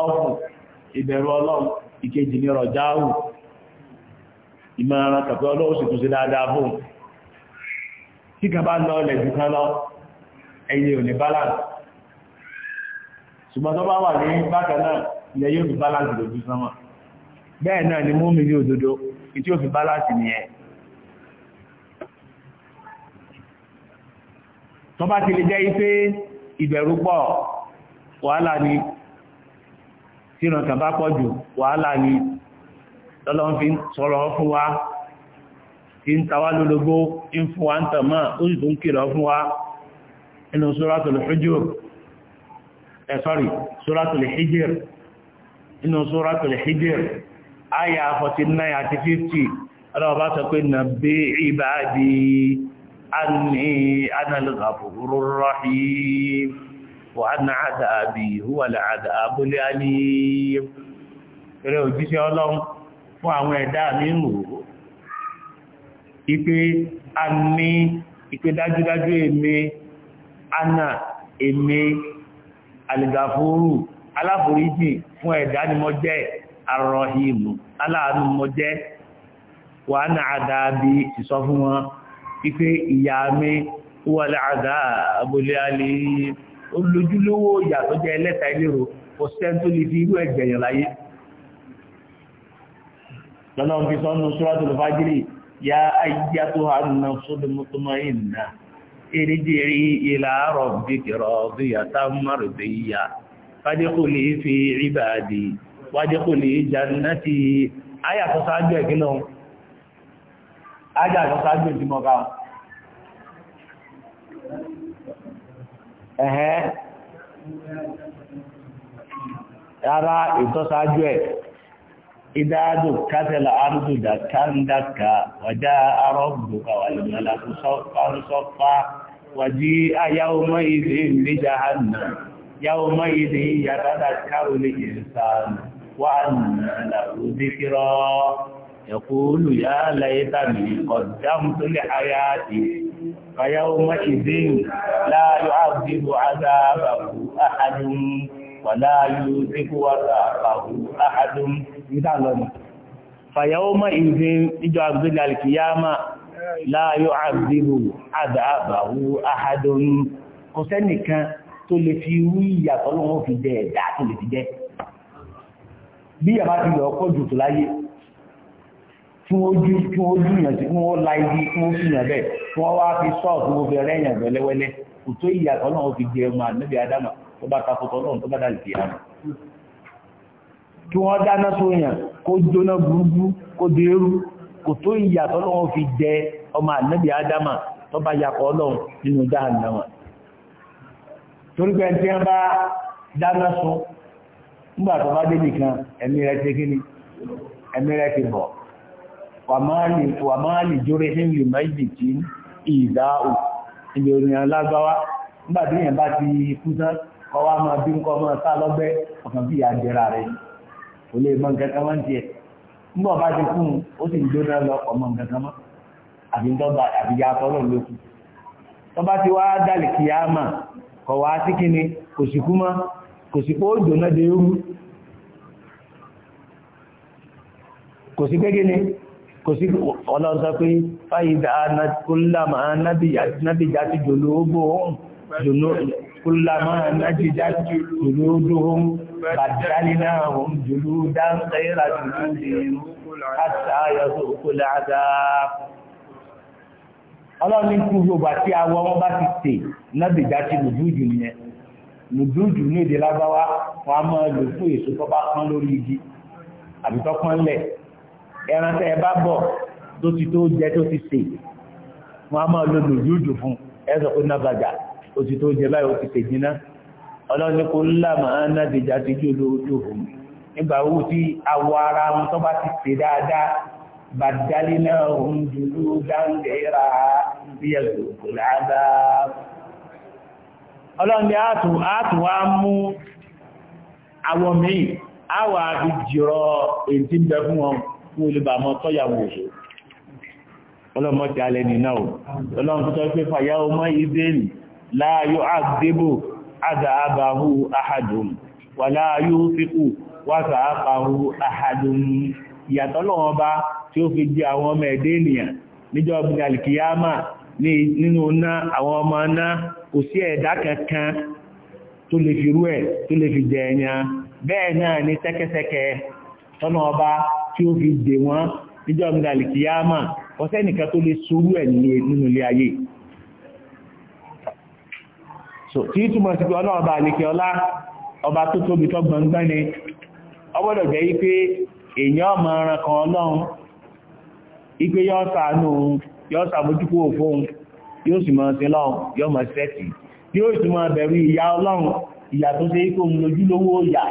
ìbẹ̀rù ọlọ́run ìkejì ni rọ̀jáhù ìmọ̀ràn kàpẹ́ ọlọ́run sì tún sí dáadáa lọ balance ṣùgbọ́n tó bá wà ní bákan náà balance lójú sánmà bẹ́ẹ̀ náà ni mú mi ní òdodo tí ó fi bálásì nìyẹn tó bá ti lè jẹ́ ipé ìbẹ̀rù pọ̀ wàhálà ni tí ìrànkàn bá pọ̀ jù wàhálà ni lọ́lọ́ fi sọ̀rọ̀ fún wa tí ń tawá lólogó ń fún wa ń tàmà ó sì tó ń kìlọ̀ fún wa inú Suratul Hujur eh sorry Suratul Hijr inú Suratul Hijr ya 49 àti 50 ọlọ́wọ́ bá sọ pé nà bí ìbáàdì anni ana al-ghafuru rahim wa anna adhabi huwa al-adhabu òjíṣẹ́ ọlọ́run fún àwọn ẹ̀dá dájúdájú ana aláforíjì fún ẹ̀dá ni arọ́hìmù aláàánú mo jẹ́ wà ní àdáàbí ìsọ fún wọn wípé ìyá mi wà láàdá olójúlówó ìyà jẹ́ ẹlẹ́ta ìlérò kò sẹ́ni lè fi irú ẹ̀gbẹ̀yàn láyé lọ́nà fi sọ́nù ya fi wájẹ́ kò lè jannati ayà tó sáájú ẹ̀kí lọ ajá tó sáájú ẹ̀kí mọ́ká ẹ̀hẹ́ rárá ìtọ́sáájú ẹ̀ ìdáàdù kátẹ̀lá àrùdùdà káńdàkà wàjá arọ́gbùkà wà lùmọ́lá sọ́fà wàjí ayáwó mọ́ ìdí ìlú jahannà yáwó mọ́ ìdí yàtàdà káwọlé ìrìsáàmù وأن له ذكرى يقول يا ليتني قدمت لحياتي فيومئذ لا يعذب عذابه أحد ولا يوثق وثاقه أحد فيومئذ إجو عبد القيامة لا يعذب عذابه أحد kò sẹ́nìkan tó lè fi rú ìyàtọ̀ lóhun fi dẹ̀ ẹ̀dá tó lè fi dẹ́ bí yàrá ti lọ kọ́ jùtù láyé tí wọ́n jú tí wọ́n jú yàn tí wọ́n la ibi tí wọ́n fi yàn bẹ́ẹ̀ tí wọ́n wá fi sọ́ọ̀ tí wọ́n fi rẹ́ yàn kò tó náà fi jẹ ọmọ adama tó bá náà dà kí dáná tó yàn kó jóná kó kò tó náà fi jẹ ọmọ nígbà tó bá dé nìkan ẹ̀mí rẹ̀ ti kí ni ẹ̀mí rẹ̀ ti bọ̀ wà máa lè jóre sí ìlú méjì tí ìdá ò ilé orin alágbáwá nígbà yẹn bá ti kú tán wá máa bí nǹkan máa sá lọ́gbẹ́ ọ̀kan bí àjẹrà rẹ̀ kò lè mọ nǹkan kan ń tiẹ̀ nígbà bá ti kú ó sì ń jóná lọ ọmọ nǹkan mọ́ àbí àbí ya tọ́lọ̀ kò sí pé ó jóná de rú kò sí pé gíní kò sí ọlọ́run sọ pé fáyidà kúlámà nábìjà ti jòló ogbó ohun kúlámà nábìjà ti jòló ogbó ohun bàdálínà ohun jòló dáńkẹ́rà jòló dèrú àtàyọ̀ òkú láàdá ọlọ́run ní kú gbogbo àti awọ wọn bá ti tè nábìjà ti lùjú jù nìyẹn nùdúùdù ní èdè lágbáwá wọn a máa lò fún èso tó bá pọ́n lórí igi àbí tó pọ́n lẹ̀ ẹran tẹ́ ẹ bá bọ̀ tó ti tó jẹ tó ti sè wọn a máa lo nùdúùdù fún ẹ sọ pé nàbàjá ó ti tó jẹ báyìí ó ti sè jiná ọlọ́ni kò lámà ánádìjà ti jó lójú òun nígbà owó tí awọ ara wọn tó bá ti sè dáadáa bàdálínà òun dúdú dáńgẹ̀ẹ́ra bí ẹ̀gbọ̀n kò lágbáá ọlọ́ni àtùwà mú àwọ̀ míì àwà àfi jìrọ èyí tí ń bẹ fún wọn fún olùbàmọ́ tọ́yàwó òṣèlú ọlọ́mọ ti alẹ́ nìna ò ọlọ́run tó tọ́ pé fàyà ọmọ ìdèn láàáyó àgbébò àdáàbáhú àhàdùn wà láàáyó fíkù wáṣàápáhú àhàdùn ìyàtọ̀ lọ́wọ́ bá tí ó fi ọmọ ọmọ kò sí ẹ̀dá kankan tó lè fi rú ẹ̀ tó lè fi jẹ ẹ̀yàn bẹ́ẹ̀ náà ni sẹ́kẹ́sẹ́kẹ́ tọ́nà ọba tí ó fi dè wọ́n níjọ́ ìdàlì kìyàmà ọ̀sẹ́ nìkan tó lè sorú ẹ̀ nínú ilé ayé tí túmọ̀ sí pé àlèkè ọlá ọba tó tóbi tó gbọngbọ́n ni ọgbọ́dọ̀ jẹ́ wípé èèyàn ọmọ ẹran kan ọlọ́run ipé yọ́ sàánú yọ́ sàmójúkú yóò sì máa sin lọ́run yóò máa sẹ́ẹ̀tì yóò sì máa bẹ̀rù ìyá ọlọ́run ìyà tó ṣe kó ń lójú lówó ìyà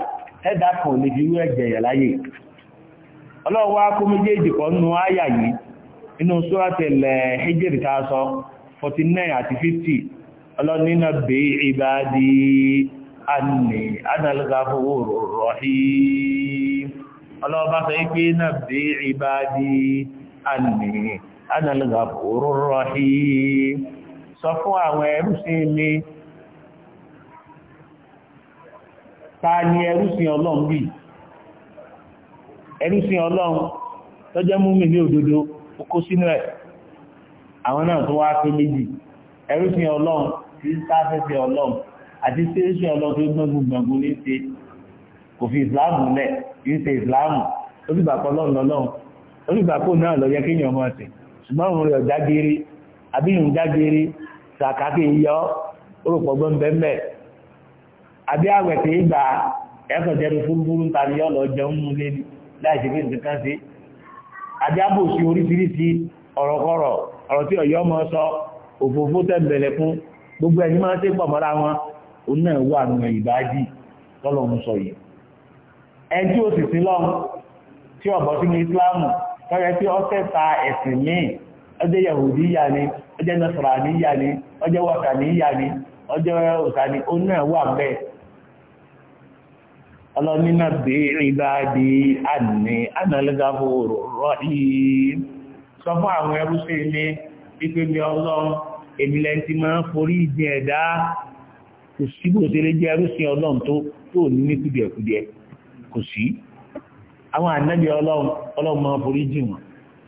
ẹ̀dá kan lè fi rú ẹ̀jẹ̀ yẹ̀ láyè ọlọ́run wá kó méjèèjì kan nu áyà yìí nínú sóràtẹ̀lẹ̀ hijab ta sọ 49 àti 50 ọlọ́run nínú bèé ìbádi anì anàlùgáfowóró rọ̀hí ọlọ́run bá sọ pé náà bèé ìbádi anì anàlùgà fòrò rọ̀hí sọ fún àwọn ẹrúsìn mi ta ni ẹrúsìn ọlọ́run bí ẹrúsìn ọlọ́run tó jẹ́ múmi ní òdodo kó sínú ẹ̀ àwọn náà tó wá pé méjì ẹrúsìn ọlọ́run tí ń sáfẹ́fẹ́ ọlọ́run àti sẹ́ẹ̀sì ọlọ́run náà lọ yẹ kéèyàn máa tẹ̀ márùn rẹ̀ jágere àbí yọ orúkọ̀gbọ́ bẹ́ẹ̀ àbí àwẹ̀ tí ìgbà ẹ̀kọ̀ fúrúfúrú tàbí yọ́ lọ jẹun mú lé láìsí pé nǹkan kan sí àbí àbòsí oríṣiríṣi òfófó tẹ̀m̀bẹ̀lẹ̀ fún gbogbo ẹni máa ń pọ̀ mọ́ra wọn náà wà nù sọ yìí ẹni tí ó sì sí ọjọ́ yahudiya ni ọjọ́ nasaraniya ni ọjọ́ wasaniya ni ọjọ́ ni ó náà wà bẹ́ẹ̀ ọlọ́nínà bí ìbáàdì àní sọ fún àwọn ẹrúṣẹ́ ilé pípé máa forí ìdí ẹ̀dá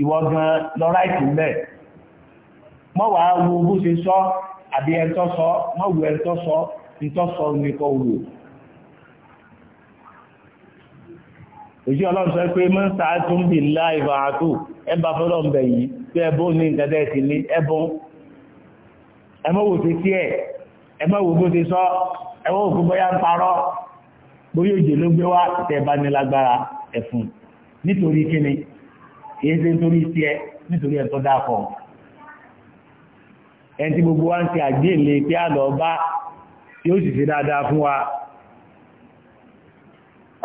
ìwọ gan lọ́rá ìtìlẹ̀ mọ́ wàá wo bó ṣe sọ àbí ẹ̀tọ́ sọ mọ́ wo ẹ̀tọ́ sọ ìtọ́ sọ nìkan wò òjì ọlọ́run sọ pé mọ́ sáà tún bì ńlá ìwà àtò ẹbá fọ́lọ́m̀bẹ yìí pé ẹbọ́ ní ìgbẹ́dẹ́ ti ní ẹbọ́n ẹmọ́wò ti tí ẹ̀ ẹmọ́wò bó ti sọ ẹwọ́ òkú bọ́yá ń parọ́ bóyá òjò ló gbé wá tẹ̀bánilágbára ẹ̀fún nítorí kíni kìí ṣe nítorí sí ẹ nítorí ẹ tó dákọ̀ ẹni tí gbogbo wa ń ṣe àgbéèlé pé àlọ́ bá tí ó sì ṣe dáadáa fún wa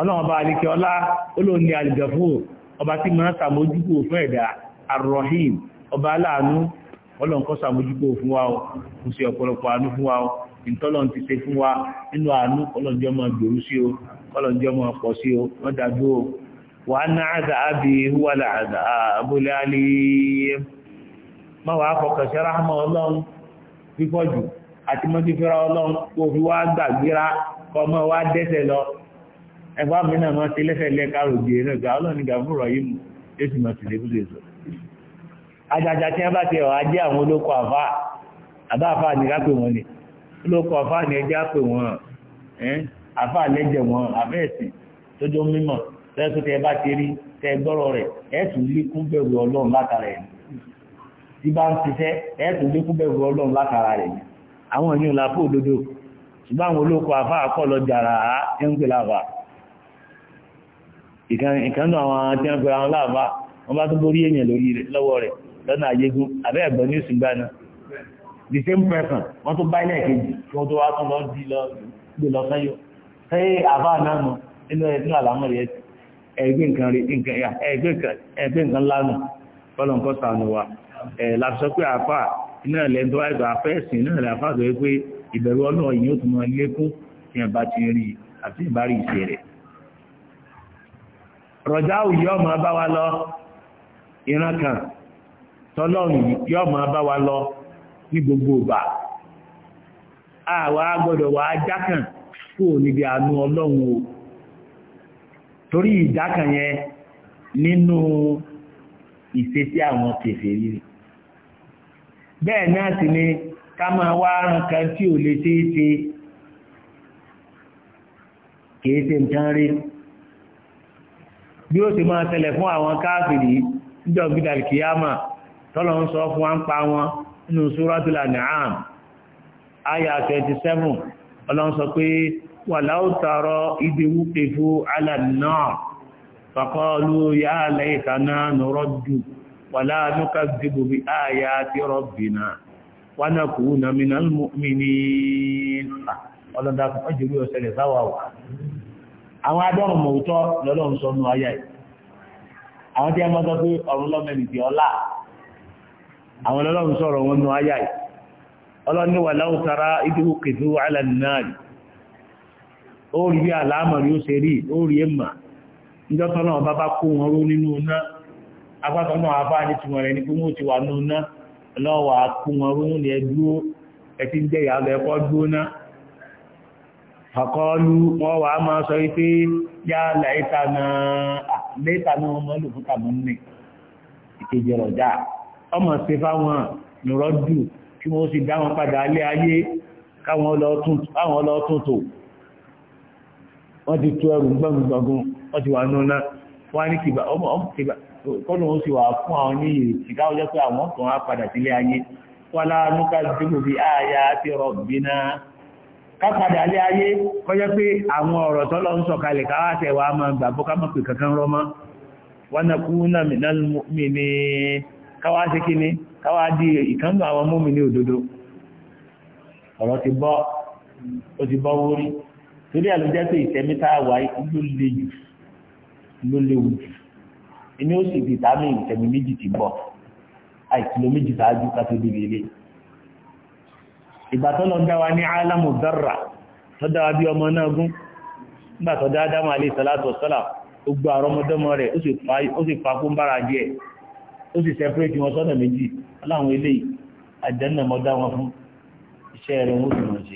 ọlọ́run bá alikẹ́ ọlá olóòní alìjọ̀fún ọba tí máa sàmójúkò fún ẹ̀dá arrohim ọba aláàánú ọlọ́run sàmójúkò fún wa kò sí ọ̀pọ̀lọpọ̀ àánú fún wa o ti ṣe fún wa nínú àánú ọlọ́njọ́ gbèrú sí o ọlọ́njọ́ pọ̀ sí o wọ́n dájú o وأن عذابي هو العذاب الأليم ما وافق شرحمه الله في فجو àti mọ́ ti fẹ́ra ọlọ́run kó fi wá gbàgbéra kọmọ wá dẹ́sẹ̀ lọ ẹgbà mi náà ti lẹ́sẹ̀ náà gà ọlọ́run gà mú sọ. àjàjà tí wọ́n bá ti ajé àwọn olóko àfa àbá àfa ni ká pè wọ́n ni olóko àfa ni ẹjẹ́ á pè wọ́n àfa àlẹ́jẹ̀ wọ́n lẹ́sùn tẹ bá ti rí tẹ gbọ́rọ̀ rẹ̀ ẹ̀sùn lékún bẹ̀rù ọlọ́run látara ẹ̀ tí bá ń ṣiṣẹ́ ẹ̀sùn lékún bẹ̀rù ọlọ́run látara rẹ̀ àwọn ènìyàn làpò òdodo ṣùgbọ́n àwọn olóko afá àkọlọ jàrà á ti ń pè láàbà ìkànnì àwọn tí wọ́n pè àwọn láàbà wọ́n bá tún borí èèyàn lórí lọ́wọ́ rẹ̀ lọ́nà àyégún àbẹ́ ẹ̀gbọ́n ní oṣù gbaná the same person wọ́n tún bá ilé ìkejì tí wọ́n tó wá tún lọ gbé lọ sáyọ ṣé àbá náà nù nínú ẹ̀ tí wọ́n àlámọ̀ rẹ̀ ti ẹgbẹ́ nkan rí ẹgbẹ́ nǹkan lánà fọ́lọ̀nkọ́ sànúwà láfisọ́ pé àfà iná lẹ́ntọ́ àìgbà afẹ́ẹ̀sìn náà lè àfà sọ́yẹ́ pé ìbẹ̀rù ọlọ́run yìí ó tún mọ lékún tí ẹ̀ bá kan torí ìdákan yẹn nínú ìṣesí àwọn kèfèrí bẹ́ẹ̀ náà sì ni ká máa wá ràn kan tí ò lè ṣeé ṣe kìí ṣe nǹkan rí bí ó ti máa tẹ̀lẹ̀ fún àwọn káàfìrí níjọ́ gbídàlì kìyàmà tọ́lọ ń sọ fún wọn pa wọn nínú Suratul An'am àyà 27 ọlọ́run sọ pé ولو ترى إذ وقفوا على النار فقالوا يا ليتنا نرد ولا نكذب بآيات ربنا ونكون من المؤمنين ọlọ́dá ọjọ́rí ọ̀sẹ̀lẹ̀ sáwà wà àwọn adọ́rùn mọ̀útọ́ lọ́lọ́run sọ́nù ayá ẹ̀ àwọn tí a mọ́ sọ pé ọ̀run lọ́mẹ́ni tí ọlá àwọn lọ́lọ́run sọ̀rọ̀ wọn nù wà ó rí bí àlámọ̀ rí ó ṣe rí ó rí èmà níjọ́ tọ́nà ọba bá kó wọn ró nínú iná agbátọ̀ náà afá ní tiwọn rẹ̀ ní pé wọ́n ti wà nínú iná lọ́wọ́ kó wọn ró ní ẹdúró ẹtí ń jẹ́ ìyá lọ ẹkọ́ gbóná àkọọ́lù wọ́n wà á máa sọ wípé yá lẹ́ẹ̀ta náà wọ́n ti tó ẹrù gbọ́ngbọ́ngbọ́n wọ́n ti wà nùnà wọ́n á ní kìbà ọmọ ọmọ kìbà kọ́nù ó sì wà fún àwọn ní ìrètí káwọn jẹ́ pé àwọn kan á padà sílé ayé wọ́n lá núkà dìbò bí àyà ti rọ̀ bínà ká padà lé ayé kọ́ jẹ́ pé àwọn ọ̀rọ̀ tó lọ ń sọ káwá tẹ̀ wá máa gbàgbọ́ ká mọ̀ pé kankan rọ́ mọ́ wọn na kú náà mi ní káwá di ìkánú àwọn mọ́mí ní òdodo ọ̀rọ̀ ti bọ́ torí àlùjẹ́ pé ìtẹ̀mí tá a wà ló le jù ló léwu jù inú ó sì dìtámì ìtẹ̀mí méjì ti bọ̀ àìkìló méjì ṣáájú ká tó débi ilé ìgbà tó lọ dá wa ní álámù dára tó dá wa bí ọmọ náà gún nígbà tó dá Ádámù alayhi salatu wassalam ó gba àrọmọdọ́mọ rẹ̀ ó sì fa fún bára díẹ̀ ó sì sẹpẹ́rẹ́tì wọn sọ́nà méjì láwọn eléyìí àjẹ́nà mọ́dá wọn fún iṣẹ́ rẹ̀ wọ́n sì mọ̀ ṣe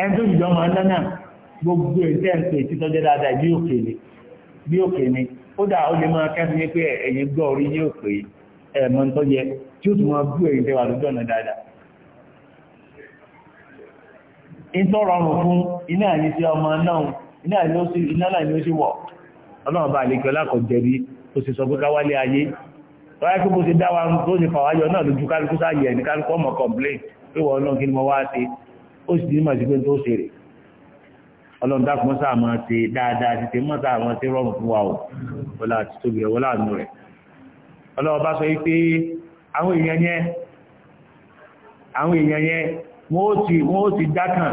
ẹni tó jùlọ máa ń gbogbo ìtẹ́ mpe pè títọ́ jẹ́ oke bí òkè ni bí òkè ni ó dà ó lè máa kẹ́sí ní pé ẹ̀yìn gbọ́ orí ní òkè ẹ̀mọ́ tó yẹ tí ó tún máa ẹ̀yìn tẹ́wà lójú ọ̀nà tí ọmọ náà iná náà ni ó sì wọ̀ ọlọ́run bá àlejò alákọ̀jẹ̀bí ó sì sọ pé káwálé ayé wáyé kí ó sì ní màsí pé tó ṣe rè ọlọ́run dákun mọ́sá àmọ́ ṣe dáadáa ti ṣe mọ́sá àmọ́ ṣe rọrùn fún wa o wọlá àti tóbi ọwọ́ láàánú rẹ̀ ọlọ́run bá sọ pé àwọn èèyàn yẹn àwọn èèyàn yẹn wọ́n ó ti wọ́n ó ti dákàn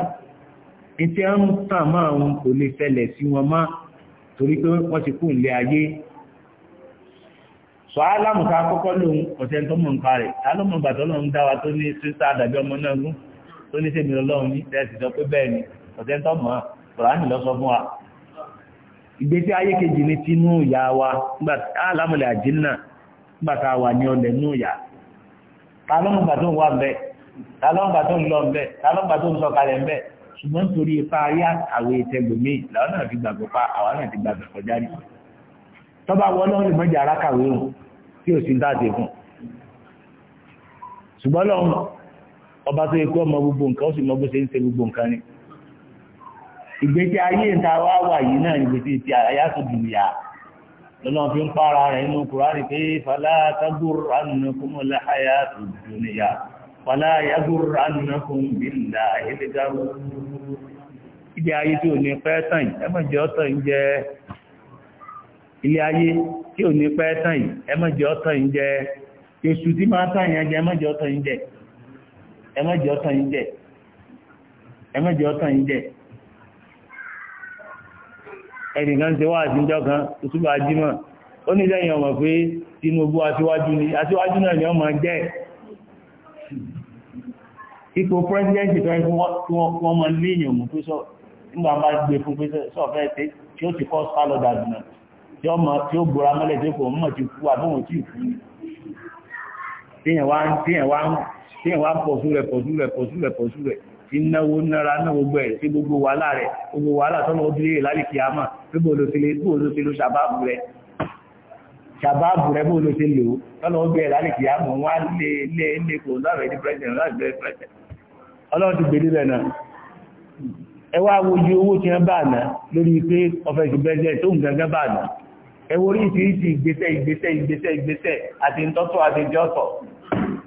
ìtẹ́ ń tàn mọ́ àwọn kò lè fẹlẹ̀ sí wọn mọ́ torí pé wọ́n ti kú ilé ayé sọ alámùká kọ́kọ́ lòun ọ̀sẹ̀ tó mọ̀ nípa rẹ̀ alọ́mọgbàtọ́ lọ́n dá wa tó ní sísá àdàbí ọmọ náà gún tó ní sèmi ọlọ́run ní tẹ́sí sọ pé bẹ́ẹ̀ ni ọ̀sẹ̀ ń tọ́mọ̀ kùránì lọ sọ fún wa ìgbésí ayé kejì ni tinú ìyá wa nígbà alámọ̀lẹ̀ àjínà nígbà a wà ní ọlẹ̀ nú ìyá ta lọ́mùgbà tó ń wà mbẹ́ ta lọ́mùgbà tó ń lọ mbẹ́ ta lọ́mùgbà tó ń sọ̀kalẹ̀ mbẹ́ ṣùgbọ́n nítorí ipa ayé àwẹ̀ ìtẹ́gbòmí làwọn náà fi gbàgbọ́ pa àwọn náà ti gbàgbọ́ kọjá rí tọ́ba wọlé wọn lè mọ́jà arákàwé hàn tí ò ṣùgbọ́n lọ́wọ́ ọba tó ikú ọmọ gbogbo nǹkan ó sì mọ bó ṣe ń ṣe gbogbo nǹkan ni ìgbésí ayé ìta wá wà yìí náà ìgbésí ti àyàtò lọ́nà fi ń para rẹ̀ kùránì pé fàlá fàlá ayé tí ò ní pẹ́ tàn yìí yìí jẹ́ ilé ayé tí ò ní pẹ́ tàn yìí yìí jẹ́ èṣù tí máa tàn yìí ẹmọ́jẹ́ ọ̀tàn yìí jẹ́ ẹmọ́jẹ́ ọ̀tàn yìí jẹ́ ẹnìkan ṣe wá àṣíjọ́ kan òṣùgbà ajímọ̀ ó ní lẹ́yìn ọmọ pé Tinubu aṣíwájú ni aṣíwájú náà ni ọmọ jẹ́ ipò pírẹsidẹ́ǹtì tó ń wọn mọ léèyàn mú pé sọ nígbà bá gbé fún pé sọfẹ́ ṣe tí ó ti kọ́ sálọ̀dà dùnà tí ọmọ tí ó gbòra mọ́lẹ̀ tó kò mọ̀ ti kú àbóhùn tí ì fún ni tí wọ́n á pọ̀sú rẹ̀ pọ̀sú rẹ̀ pọ̀sú rẹ̀ pọ̀sú rẹ̀ tí náwó nára náà gbogbo ẹ̀ sí gbogbo wàhálà rẹ̀ gbogbo wàhálà tọ́lọ́ obìnrin lálìkì àmà pé bó ló ti lè bó ló ti lo ṣàbáàbù rẹ̀ ṣàbáàbù rẹ̀ bó ló ti lò tọ́lọ́ obìnrin lálìkì àmà wọ́n á lé lé lé kò láwẹ̀ ní president láti bẹ̀rẹ̀ president ọlọ́run ti gbèdé rẹ̀ náà ẹ wá wojú owó tí wọ́n bá ná lórí pé ọ̀fẹ́sì president tó ń gangan bá ná ẹ wo orí ìsirísi ìgbésẹ̀ ìgbésẹ̀ ìgbésẹ̀ ìgbésẹ̀ àti ntọ́tọ̀ àti ìjọ́tọ̀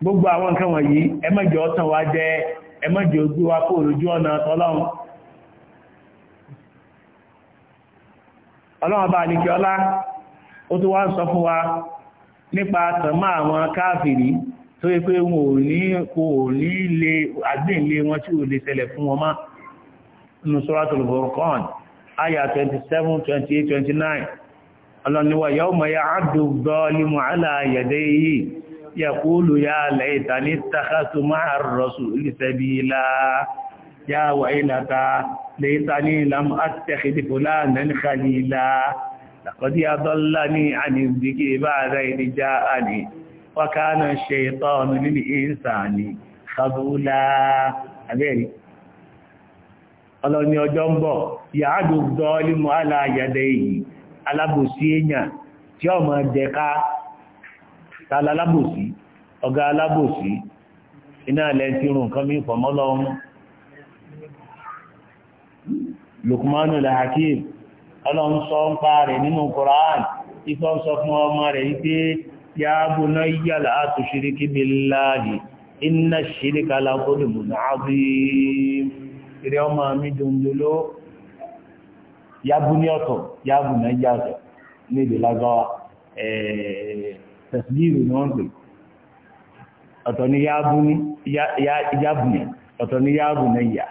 gbogbo àwọn nǹkan wọ̀nyí ẹ má jẹ́ wa jẹ́ ẹ má jẹ́ wa kó lójú ọ̀nà tọ́lọ́run ọlọ́run bá ọlá wa nípa nipa àwọn káàfìrí tó yẹ pé wọn ò ní kò ní lè àgbéǹlé wọn tí ò lè ṣẹlẹ̀ fún wọn mọ́ nù àyà 27 28 29 ọlọ́niwà yóò mọ̀ ya àdùgbọ́ limu aláyẹ̀dẹ́ yìí yà kúlù ya lẹ́ta ní takásù máa rọ̀sù ìlìsẹ̀bí ilá ya wà ìlàta lẹ́ta ní lam àtẹ́kìdìfòlá nẹ́ni kàlìlá làkọ́dí adọ́lá ní àníbìkì ọlọ́ni ọjọ́ ń bọ̀ yàádù dọ́ọ̀límọ̀ aláyàdẹ èyí alábòsí èèyàn tí ọmọ jẹka tààlà alábòsí ọgá alábòsí iná ilẹ̀ tí irun nǹkan mi fọ̀mọ́ lọ́wọ́ Lukmanu lahakim ọlọ́run sọ ń pa rẹ̀ nínú Koran ikọ́ sọ fún ọmọ rẹ̀ wípé ya bunayya la tushrik billahi inna shirka la dhulmun ìrẹ́ ọmọ mi dòndòló yábú ní ọ̀tọ̀ yábù náà jẹ́ ọ̀tọ̀ ní èdè eh, ni wọ́n pè ọ̀tọ̀ ni yábù ní ọ̀tọ̀ ni yábù náà yà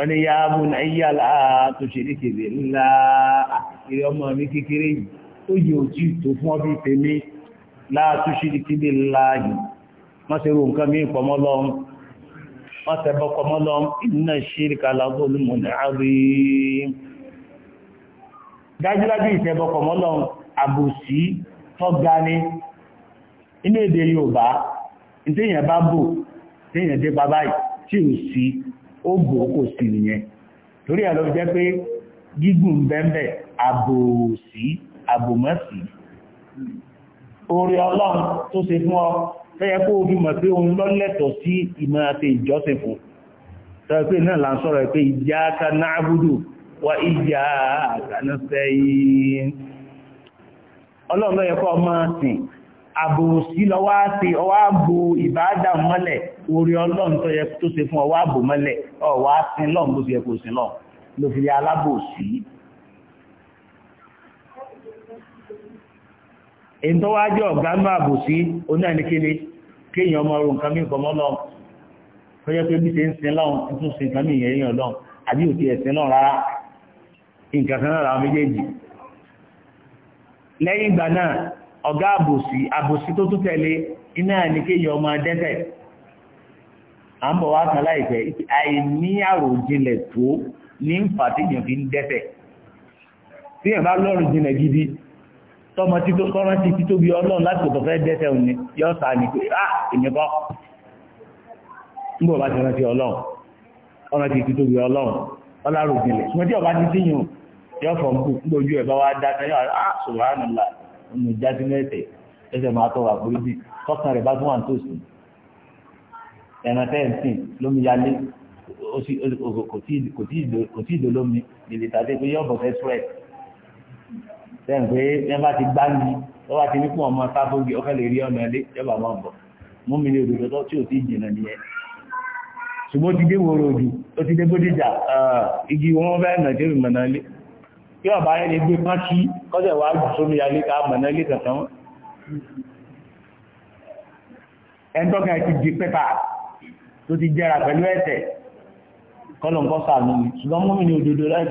ọ̀ni yábù náà yà láàtò ṣeré kèrè ńlá ìrẹ́ ọmọ mi kékeré yìí tó yẹ òtí tó fún ọbí tèmi láàtò ṣeré kèrè ńlá yìí má ṣẹbọ kọmọ lọ inna shirka la zulmun azim dájúdájú ìṣẹbọ kọmọ lọ àbòsí tọ́ga ní inú èdè Yorùbá ìtẹ́yìn bá bò tẹ́yìn dé bàbá tí ò sí ó kò sí nìyẹn torí ẹ̀ jẹ́ pé gígùn bẹ́ẹ̀ àbòsí àbòmọ́sí oore ọlọ́run tó ṣe fún ọ tẹ́yẹ kó o bí mọ̀ pé òun lọ́lẹ́tọ̀ sí ìmọ̀ àti ìjọsìn fún tẹ́ẹ̀pẹ́ náà là ń sọ̀rọ̀ pé iyyaka na'budu wa iyyaka nasta'in ọlọ́run ló yẹ kó ọmọ sìn àbòsí lọ́wọ́ àti ọwọ́ àbò ìbáadà mọ́lẹ̀ orí ọlọ́run tó yẹ tó ṣe fún ọwọ́ àbò mọ́lẹ̀ ọwọ́ àsìn lọ́run bó ṣe yẹ kó sìn lọ ló fi lé alábòsí èyí tó wá jẹ́ ọ̀gá náà àbòsí onáìníkíni kéèyàn ọmọ ọrùn nǹkan mí ìfọmọ́ lọ tó yẹ pé bí ṣe ń sin lọ́run tó tún sin nǹkan mí ìyẹn èèyàn lọ́run àbí òkè ẹ̀sìn náà rárá nǹkan kan náà làwọn méjèèjì lẹ́yìn ìgbà náà ọ̀gá àbòsí àbòsí tó tún tẹ̀lé iná ní kéèyàn ọmọ adẹ́tẹ̀ à ń bọ̀ wá kan láìpẹ́ àìní àròjinlẹ̀ tó ní ń fi ń dẹ́tẹ̀ téèyàn bá lọ́rùn jinlẹ̀ gidi tọmọ tító kọ́rọ́ sí títóbi ọlọ́run láti kò fẹ́ dẹ́sẹ̀ òní yọ sá ni pé ah èmi kọ́ níbo bá ti rántí ọlọ́run ọ̀rọ̀ ti títóbi ọlọ́run ọlọ́run òjìnlẹ̀ ṣùgbọ́n tí ọba ti síyàn yọ fọ̀ nkú níbo ojú ẹ̀ bá wá dá sẹ́yìn ọ̀rọ̀ ah subhanallah ọmọ ìjà sí mẹ́tẹ̀ ẹsẹ̀ máa tọrọ àforíjì tọkàn rẹ̀ bá tún wà ní tòsí ẹ̀ràn tẹ́ǹtì lómi yálé kò tí ì dò lómi ìlítàdé pé yọ sẹ́yìn pé ẹ bá ti gbá ní ọ bá ti ní fún ọmọ sáfógi ọkàn lè rí ọ̀nà ilé yọba máa bọ̀ mú mi ní òdòdó tó tí ò tí jìnà nìyẹn ṣùgbọ́n ti dé wòrò òdù ó ti dé bódìjà igi wọn fẹ́ nà tí ó mọ̀ náà lé kí ọba ayẹyẹ gbé pátí kọ́sẹ̀ wàá jù sómi alé ká mọ̀ náà lé kankan wọn. ẹ̀ńtọ́ka ti di pẹ́pà tó ti jẹrà pẹ̀lú ẹ̀tẹ̀ kọ́lọ̀ ń sàánú ṣùgbọ́n mú mi ní òdòdó láì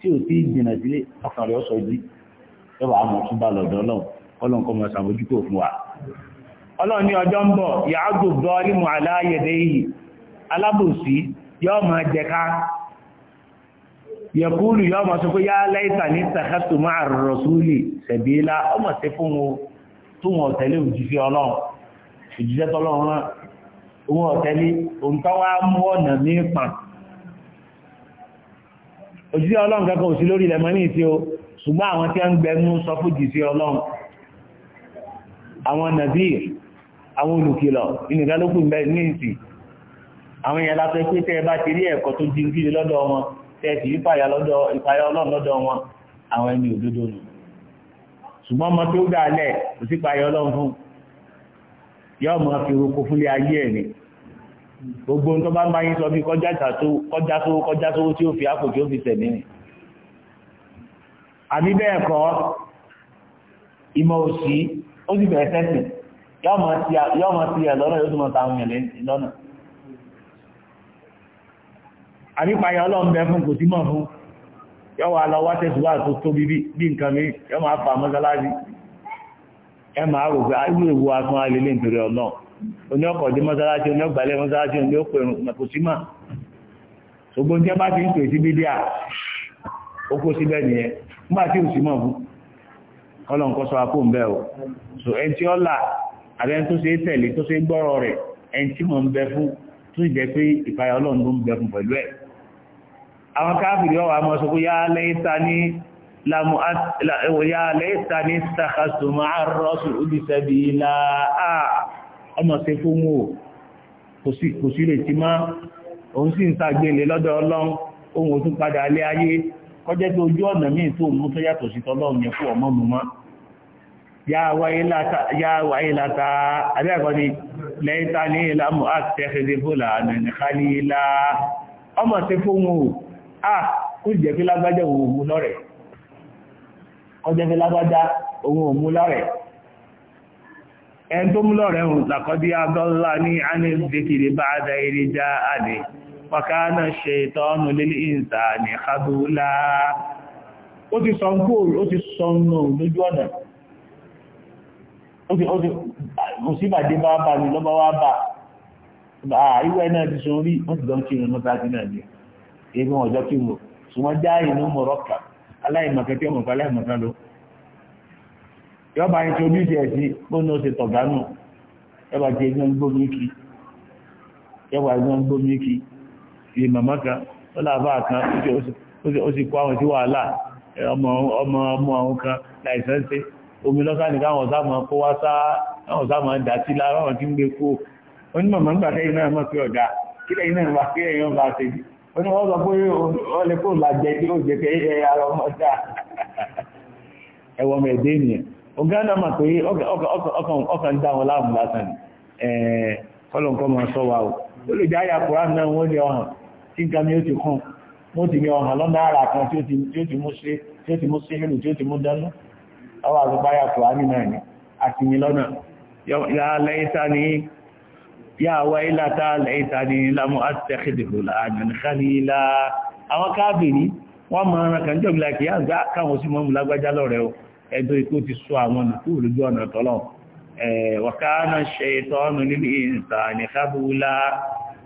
tí ò tí ì jìnà sílé ọkàn rẹ̀ ọ̀sọ̀ jí yọba àmọ̀ tún bá lọ́dọ̀ ọlọ́run ọlọ́run kọ́ mọ ṣàmójútó fún wa ọlọ́run ní ọjọ́ ń bọ̀ yàgò bọ́ọ̀lìmù aláyẹ̀dẹ́ yìí alábòsí yọ́ máa jẹka yẹ̀kúlù yọ́ máa sọ pé yá láìta ní tàkàtù máa rọ̀rọ̀ súlì sẹ̀bílá òjijì ọlọ́run kankan ò sí lórí ilẹ̀ mọ́ ní ìsí o ṣùgbọ́n àwọn tí a ń gbẹnu sọ fún jìsí ọlọ́run àwọn nàzír àwọn olùkìlọ̀ ìnìkanlókù ní ìsì àwọn èèyàn láti pé tẹ́ bá ti rí ẹ̀kọ́ tó jí gírí lọ́dọ̀ wọn tẹ́ sì ìpayà ọlọ́run lọ́dọ̀ wọn àwọn ẹni òdodo nù ṣùgbọ́n ọmọ tó dà lẹ̀ kò sí ìpayà ọlọ́run fún yọ́ ọmọ gbogbo nǹkan bá ń bá yín sọ bí kọjá sówó kọjá sówó tí ó fi àpò tí ó fi tẹ̀mí rìn àbí bẹ́ẹ̀ kọ́ ìmọ̀ òsì ó sì bẹ̀rẹ̀ sẹ́sìn yọ́ mọ̀ sí ẹ̀ lọ́nà yóò tún mọ̀ táwọn èèyàn lọ́nà àbí payọ̀ ọlọ́run bẹ fún kò sí mọ̀ fún yọ́ wà lọ wá tẹ̀síwá tó tóbi bí nǹkan mi yọ́ máa fà mọ́sálásí ẹ máa rò pé irú èwo asán alẹ́lẹ́ nítorí ọlọ́run oní ọkọ̀ dé mọ́sálásí oní ọgbàlẹ̀ mọ́sálásí oní òpèrùn nàkùsímà ṣùgbọ́n tí a bá ti ń pè sí bídíà ó kó síbẹ̀ nìyẹn nígbà tí ò sí mọ̀ fún sọ apó ń bẹ́ o so é tẹ̀lé tó ṣe é gbọ́rọ̀ rẹ̀ ẹni tí mọ̀ ń bẹ fún tó jẹ́ pé ìpayà ọlọ́run ló ń bẹ fún pẹ̀lú ẹ̀ àwọn káfìrí ọwà mọ́ sọ pé yá lẹ́yìntà ní lamu yá lẹ́yìntà ní sàkàtùmọ̀ àrọ́sùn ó di sẹ́bi ilá àà ọmọ ṣe fún o kò sí retí má òun sì ń sàgbélé lọ́dọ̀ ọlọ́run ohun òtún padà alẹ́ ayé kọjẹ́ pé ojú ọ̀nà míì tó mú tó yàtọ̀ sí tọ́lọ́run yẹn fún ọmọ mu mọ́ yá wáyé láta àbí àkọ́ni lẹ́yìntà ní ìlàmù àtẹ́fẹ́dẹ́ bọ́là ànàìníkálí ilá ọmọ ṣe fún o ah kó jẹ́ pé lágbájá òun òun lọ́rẹ̀ kọjẹ́ pé lágbájá òun òun lọ́rẹ̀ ẹn tó múlọ rẹ̀ hùn làkọ́dí agọ́lá ní anìsìkiri bá adá eré já àdé pàkánà ṣe ìtọ́nù lílì ìǹsà ní kàdúlá ó ti sọ kúrò ó ti sọ nù lójú ọ̀nà ó sì bàdé bá bá mi lọ́bá wá bà ìwẹ́ náà ti sọ rí wọ́n ti dán kí irun mọ́ta sí náà ní egun ọjọ́ kí mo ṣùgbọ́n já inú mọ̀rọ́kà aláìmọ̀kẹ́ tí ọmọ yọba introduce ẹ̀ sí bóná ó ṣe tọ̀gánù yọba ti ẹgbẹ́ gbómi kí yọba ẹgbẹ́ gbómi kí fi màmá kan ó làbá kan ó sì kó àwọn sí wàhálà ọmọ ọmọ àwọn kan láìsẹ́ ṣe omi lọ́sàn ní káwọn ọ̀sá máa kó wá sáá àwọn ọ̀sá máa dà sí lára àwọn tí ń gbé kó onímọ̀mọ̀ nígbà tẹ́yìn náà mọ̀ pé ọ̀dà kílẹ̀ ọ̀gá náà mà pé ọkàn dá wọn láàmú lásán kọlọ̀nkọ́ máa sọ wa o ó lè jáyà kùrán náà wọ́n lè ọ̀hàn tí nǹkan mi ó ti kún wọ́n ti ní ọ̀hàn lọ́nà ara kan tí ó ti mú sí tí tí ó ti mú dáná ọwọ́ àgbáyà kùrán náà ni àti mi lọ́nà yà lẹ́yìntà ní yà wá ìlàtà lẹ́yìntà ẹgbẹ́ ikú ti sọ àwọn nìkú lójú ọ̀nà tọ́lọ̀ wàkánà ṣe tọ́nù nílé ìta ní kábúlá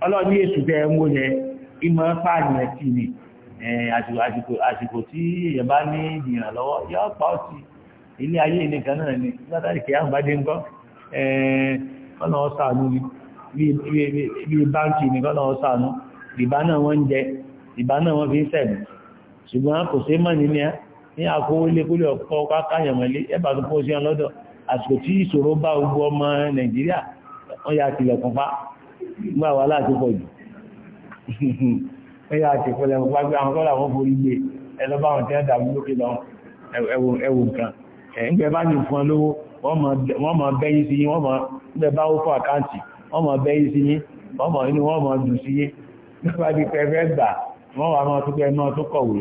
ọlọ́ní èṣù tẹ́ mú yẹ ìmọ̀ pààyàn tì ní àsìkò tí èèyàn ni látàrí kìí àgbàdé ńkọ́ kọ́nà ni bí báńkì ni kọ́nà ọ̀sánú ìbá náà wọ́n ń jẹ ìbá náà wọ́n fi ń ṣùgbọ́n kò sí mọ́ nínú ní àkówó ilé kólé ọ̀pọ̀ káyànmọ́lé ẹ̀bà tó kó sí wọn lọ́dọ̀ àsìkò tí ìṣòro bá gbogbo ọmọ nàìjíríà wọ́n yà ti lẹ̀kùn pa gbà wà láti pọ̀ jù wọ́n yà ti pọ̀ lẹ̀kùn pa pé àwọn kọ́lá wọn forí gbé ẹlọ́bà wọn tẹ́ dàbí lókè lọ ẹwù nǹkan ẹ̀ǹgbẹ́ bá ní fún lówó wọ́n mọ̀ bẹ́yìn sí yín wọ́n mọ̀ wà mọ́ tó pẹ́ mọ́ tó kọ̀wé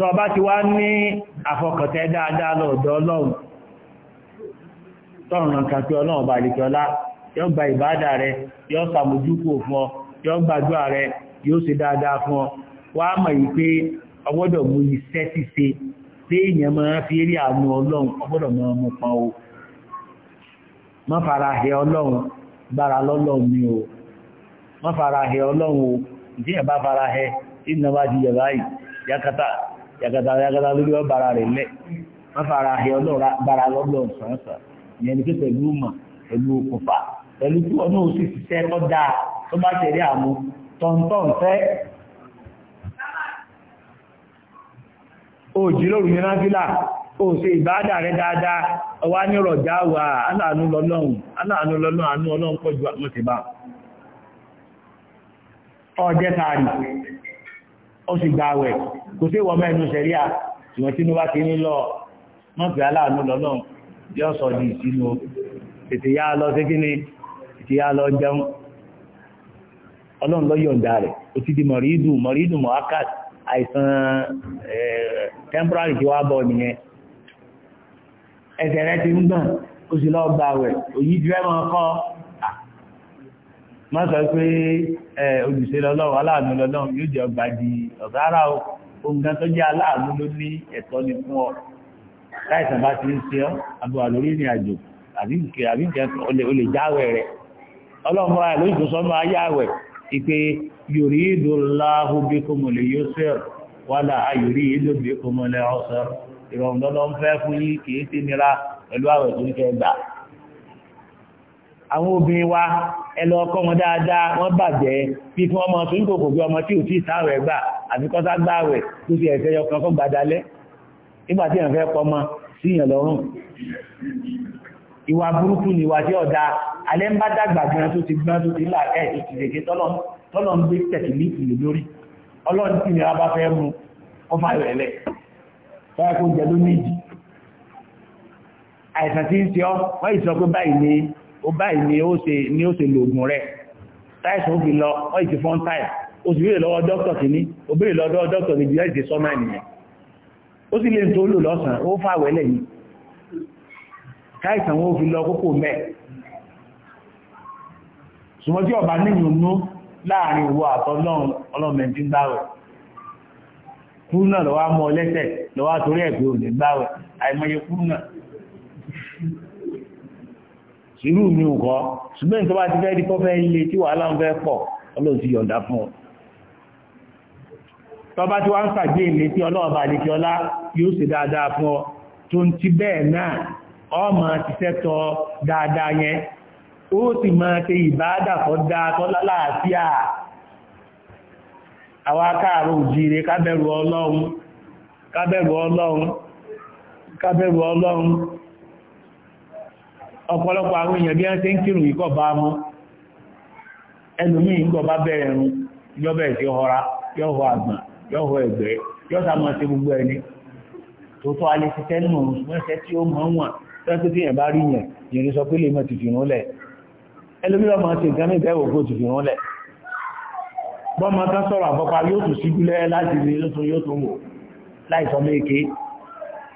tó ọba ti wá ní àfọkàntẹ́ dáadáa lọ́dọ̀ ọlọ́run tọ́rùn náà kàpẹ́ ọlọ́run ọba gba ìbádà rẹ yóò sàmójúkò fún ọ yóò rẹ yóò se dáadáa fún ọ wá mọ̀ yìí pé ọgbọ́dọ̀ mú iṣẹ́ pé máa fi àánú ọlọ́run ọgbọ́dọ̀ o má fara o má fara hẹ ọlọ́run o ìdí ẹ̀ bá yàgàdà yàgàdà lórí ọ̀bàrà rẹ̀ lẹ̀ wọ́n fara ahẹ́ ọlọ́ra bára lọ́gbọ̀n ìyẹn ni pẹ̀lú mọ̀ pẹ̀lú òkùnfà pẹ̀lú tí wọn náà sì ṣiṣẹ́ tó dáa tó bá àmú tọ̀ntọ̀n fẹ́. òjì lóru ó sì gba àwẹ̀ kò sí ìwọ mẹ́nu sẹ̀ríà ṣùgbọ́n tí inú bá ti ní lọ wọ́n fi aláàánú lọ́nà yọ sọ di ìsinú tètè yá lọ sí kíni tètè yá lọ jẹun ọlọ́run lọ yọ̀ǹda rẹ̀ ó ti di mọ̀rídùn mọ̀rídùn mọ̀ákàt àìsàn temporary tí wàá bọ̀ nìyẹn ẹsẹ̀ rẹ ti ń gbọ̀n ó sì lọ gba àwẹ̀ òyí ju ẹ̀ kọ́ má sọ pé olùṣe lọ́lọ́run aláàánú lọ́lọ́run yóò jẹ́ ọgbà di ọ̀gá ara o oǹkan tó jẹ́ aláàánú ló ní ẹ̀tọ́ ni fún ọ láìsàn bá ti ń ṣe ọ́ àbúrò lórí ìrìn àjò àbí nǹkan àbí nǹkan o lè jáwẹ̀ rẹ̀ ọlọ́run fúnra rẹ̀ lóyún tó sọ́mọ́ ayáwẹ̀ fẹ́ fún yín kì í nira pẹ̀lú àwẹ̀ tó ń kẹ́ gbà àwọn obìnrin wa ẹlọ ọkọ wọn dáadáa wọ́n bàjẹ́ bí kí wọ́n mọ tó ń kòkò bí ọmọ tí ò tí ìsáwẹ̀ gbà àbí kọ́sá gbáwẹ̀ tó fi ẹ̀fẹ́ yọkan fún gbadalẹ́ nígbà tí èèyàn fẹ́ pọmọ síyàn lọ́rùn ìwà burúkú ni ìwà tí ọ̀dà alẹ́ ń bá dàgbà gan tó ti gbọ́n tó ti là ẹ̀ tó ti rèké tọ́lọ́ ń gbé tẹ̀kìlíìkì lórí ọlọ́run tí ìnira ó báyìí ni ó ṣe ni ó ṣe lògùn rẹ̀ táìsàn ó fi lọ ọ́ ìtì fún táì ó sì béèrè lọ́wọ́ dókítà kìíní ó béèrè lọ́wọ́ dókítà kìíní láti ṣe sọ́mà ènìyàn ó sì lè tó lò lọ́sàn-án ó fà wẹ́lẹ̀ yìí táìsàn ó fi lọ kókò mẹ́ ṣùgbọ́n tí ọba níyùn nú láàrin ìwọ àtọ́lọ́run ọlọ́mẹ̀ntí gbáwẹ̀ kúrú náà lọ́wọ́ mọ́ lẹ́sẹ̀ lọ́wọ́ torí ẹ̀gbẹ́ òní gbáwẹ̀ àìmọye kúrú náà irú mi ò kọ́ ṣùgbọ́n tó bá ti fẹ́ di kọ́ ilé tí wàhálà ń fẹ́ pọ̀ ọlọ́run ti fún ọ tọba tí wọ́n ń fàgbé èmì tí ọlọ́ọ̀bà ọlá yóò ṣe dáadáa fún ọ tó ń ti bẹ́ẹ̀ náà ọmọ ti sẹ́tọ̀ dáadáa yẹn ó sì máa ṣe ìbádàfọ́ dáadọ́ láàáfíà ọ̀pọ̀lọpọ̀ àwọn èèyàn bí wọ́n ṣe ń kírun ikọ̀ bá mú ẹlòmíì ńgbọ̀ bá bẹ̀rẹ̀ run yọ́bẹ̀ sí ọra yọ́họ àgbà yọ́họ ẹ̀gbẹ́ yọ́ta máa ṣe gbogbo ẹni tó tọ́ alẹ́ ti tẹ́nu mọ́ṣẹ́ tí ó mọ̀ wọ̀n tọ́jú tí yẹn bá rí yẹn yẹn sọ pé lè mọ̀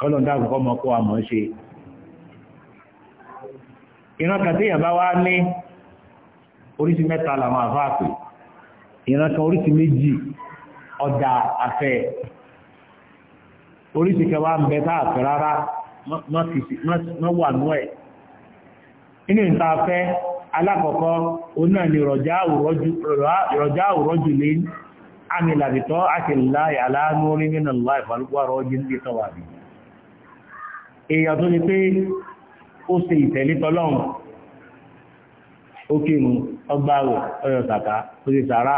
kọ́lọ̀ dákùn kọ́ mọ́ kó wa mọ̀ ṣe ìran kan téèyàn bá wá ní oríṣi mẹ́ta làwọn àfáàpè ìran kan oríṣi méjì ọ̀dà afẹ́ oríṣi kẹwàá ń bẹ táà fẹ́ rárá má wà nú ẹ̀ inú ìta afẹ́ alákọ̀ọ́kọ́ òun náà ni rọ̀já àwòrọ́jù lé àmì làbìtọ́ àti láì aláàánú orí nínú láì fàlúwà rọ́jú níbi tọ́wà bìí èèyàn tó ní pé ó ṣe ìtẹ̀lé tọ́lọ́run ó kírun ọgbàwò ọyọ sàkà ó ṣe sàrà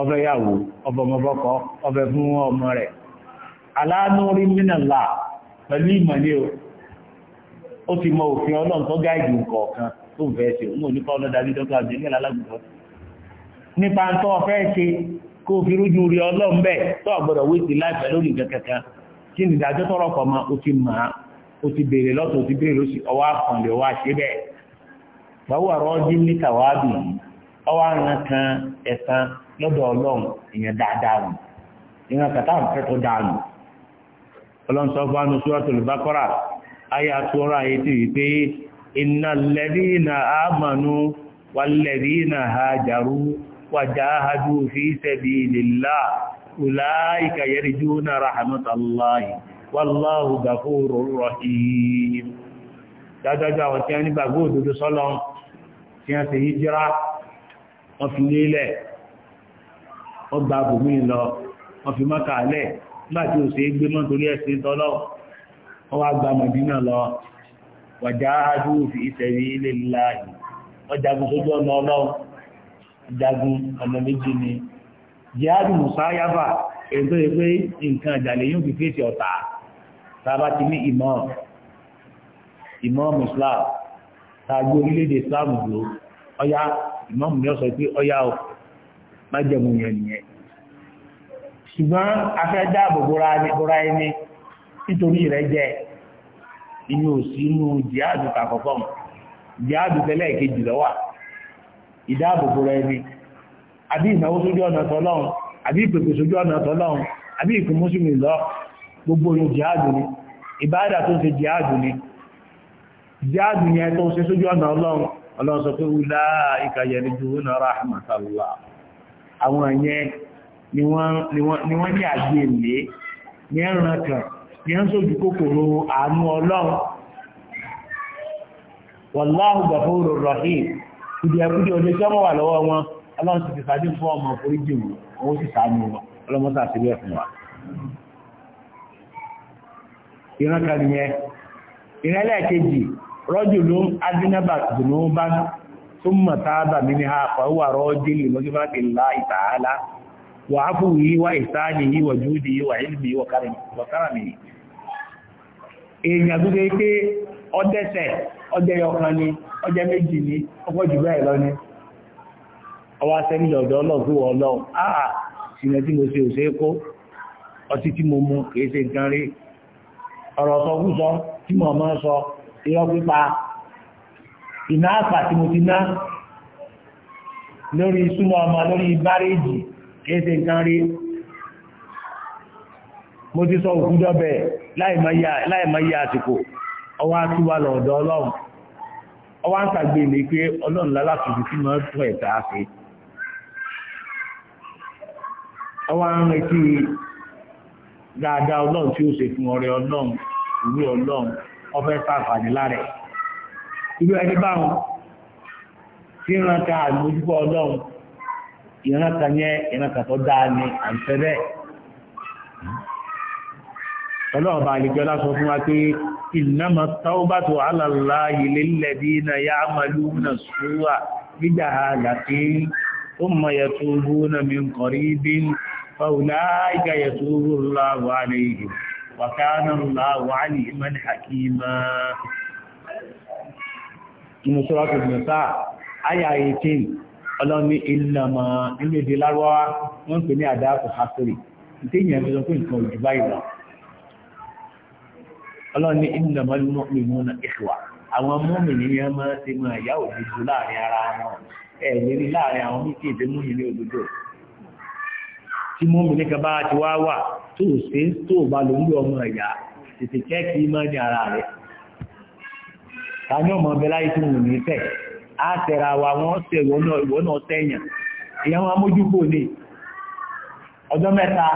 ọfẹ́ yàwó ọfọmọbọ́kọ ọfẹ́ fún ọmọ rẹ̀ aláàánú mínàlá pẹ̀lú ìmọ̀lẹ́ o ó ti mọ òfin ọlọ́run tó gáàdì nǹkan tó ń fẹ́ ṣe òun ò ní kọ́ ọlọ́dà bí dókítà àbí nílẹ̀ alágbèbọ́ nípa ń tọ́ ọfẹ́ ṣe kó o fi rújú rí ọlọ́run bẹ́ẹ̀ tó àgbọ̀dọ̀ wé sí láìpẹ́ lórí nǹkan kí ni ìdájọ́ tọrọ kọ̀ ma o ti mọ̀ o ti lọ́tọ̀ o ti béèrè lọ́sì ọwọ́ àkànlẹ̀ ọwọ́ àṣẹ bẹ́ẹ̀ gbàwọ́ àrọ́ dín ní ọwọ́ àrùn kan ẹ̀sán lọ́dọ̀ ọlọ́run èèyàn dáadáa rùn ìran kàtà àfẹ́kọ̀ọ́ dáàlù ọlọ́run fún hajaru wa jahadu fi ulaika yarjuna rahmatallahi wallahu ghafurur rahim dájájá àwọn tí wọ́n ní gbàgbọ́ òdodo sọ́lọ́n tí wọ́n ti hijira wọ́n fi lélẹ̀ wọ́n gba bùnmí lọ wọ́n fi mọ́kà lẹ̀ nígbà tí ò sí gbé mọ́ torí ẹ̀sìn tọ́lọ́ wọ́n wá gba mọ̀dínà lọ wàjáàdù fi sabilillahi wọ́n jagun sójú ọ̀nà ọlọ́run jagun ọ̀nà méjì ni jihadu musa èyí tó yẹ pé nǹkan ìjàlè yóò fi fèsì ọ̀tá tába ti ní imam imam islam tàbí orílẹ̀-èdè islam dúró ọ̀yá imam ni ó sọ pé ọ̀yá o má jẹun yẹn nìyẹn ṣùgbọ́n afẹ́dá àbòbóra ni bóra ẹni nítorí rẹ̀ jẹ́ inú òsì inú jihadu kàkọ́kọ́ jihadu tẹ́lẹ̀ kejì lọ́wà ìdáàbòbóra ẹni àbí ìnáwó sójú ọ̀nà tọ́lọ́run àbí ìpèpè sójú ọ̀nà tọ́lọ́run àbí ìkún mùsùlùmí lọ gbogbo orin jihadu ni ìbáàdà tó ń ṣe jihadu ni jihadu yẹn tó ń ṣe sójú ọ̀nà ọlọ́run ọlọ́run sọ pé wúlá ìkàyẹ̀ ní ju ọ̀nà rahmatallah àwọn yẹn ni wọ́n ọlọ́run ti fi fún ọmọ oríjì wọn òun sì sàánú ọlọ́mọ́sà sí ilé wa. ìran kan nìyẹn ìran ẹlẹ́ẹ̀kejì rọ́jò ló ń adínábà dùnú bá tó mọ̀ tábà rọ́jì lè ọkàn ni méjì ni bẹ́ẹ̀ lọ ni ọwá sẹ́ni ọ̀dọ̀ ọlọ́gbọ́ ọlọ́run àà ah, ìrìnà tí mo ṣe òṣè kó ọtí tí mo mú kìí ṣe nǹkan rí ọ̀rọ̀ sọkúsọ tí mo máa sọ irọ́ pípa ìná àpà tí mo ti ná lórí súnmọ́ ọmọ lórí bárẹ́jì kìí ṣe nǹkan rí mo ti sọ òkú dọ́bẹ̀ láìmọye àsìkò ọwá tí wà lọ́dọ̀ ọlọ́run ọwá ń sàgbé mi pé ọlọ́run lálàtúntì tí mo tún ẹ̀ta ṣe ọwọ́ ń retí dáadáa ọlọ́run tí ó ṣe fún ọrẹ ọlọ́run ìwé ọlọ́run ọfẹ́ sàǹfààní lára ẹ̀ ẹni báwọn tí ń rántà ọlọ́run ìrántà yẹn ìrántà tó dáa ni àìsẹ́ bẹ́ẹ̀ ọlọ́run bá àlejò ọlá fún wa pé ìnáma yá àmàlú náà sùúrà gbígbà ثم يتوبون من قريب فأولئك يتوب الله عليهم وكان الله عليما حكيما من سورة النساء آية 18 ọlọ́ni ìlànà ilé èdè lárúwá wọ́n ń pè ní àdáàkù hasiri ìtẹ́yìn ẹ̀mí lọ pé nǹkan òjò báyìí lọ ọlọ́ni ìlànà mọ́lúmọ́ ìmúna ìṣùwà àwọn mọ́mìnì yẹn máa ti máa yá òjò láàrin ara wọn ẹ̀ lérí láàrin àwọn mí kí èdè mú yìí ní òdodo tí mú mi níkan bá ti wá wà tó o ṣe ń tó o bá ló ń lé ọmọ ẹ̀yà tètè kẹ́ẹ̀kì mọ́ ní ara rẹ̀ ta ní ọmọ ọbẹ̀ láyé tí mo ní fẹ́ á tẹ̀ra wa wọ́n tẹ̀ ìwọ náà tẹ̀yàn ìyẹn wọn amójúkò lè ọjọ́ ọmọ ìyá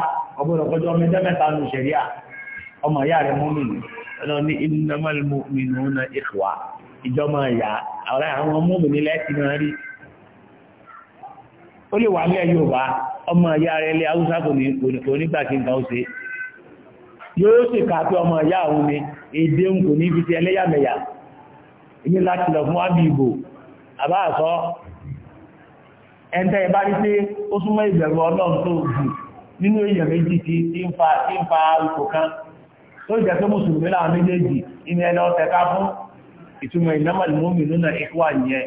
àwọn ọmọ mi ní lẹ́sìn rí ó lè wà ní ẹ Yorùbá ọmọ ìyá rẹ̀ ilẹ̀ Haúsá kò ní kò nígbà tí nǹkan ó ṣe yóò sì kà pé ọmọ ìyá òun ni èdè òun kò ní fi ti ẹlẹ́yàmẹ̀yà èyí láti lọ fún wábí ìbò àbá àsọ ẹ̀ntẹ́ ìbá ní pé ó súnmọ́ ìbẹ̀rù Ọlọ́run tó jù nínú èèyàn méjì tí ń fa ipò kan tó jẹ́ pé mùsùlùmí láwọn méjèèjì ìní ẹni ọ̀tẹ̀ká fún ìtumọ̀ ìnámọ̀lùmọ́mì lónà ìkúwà yẹn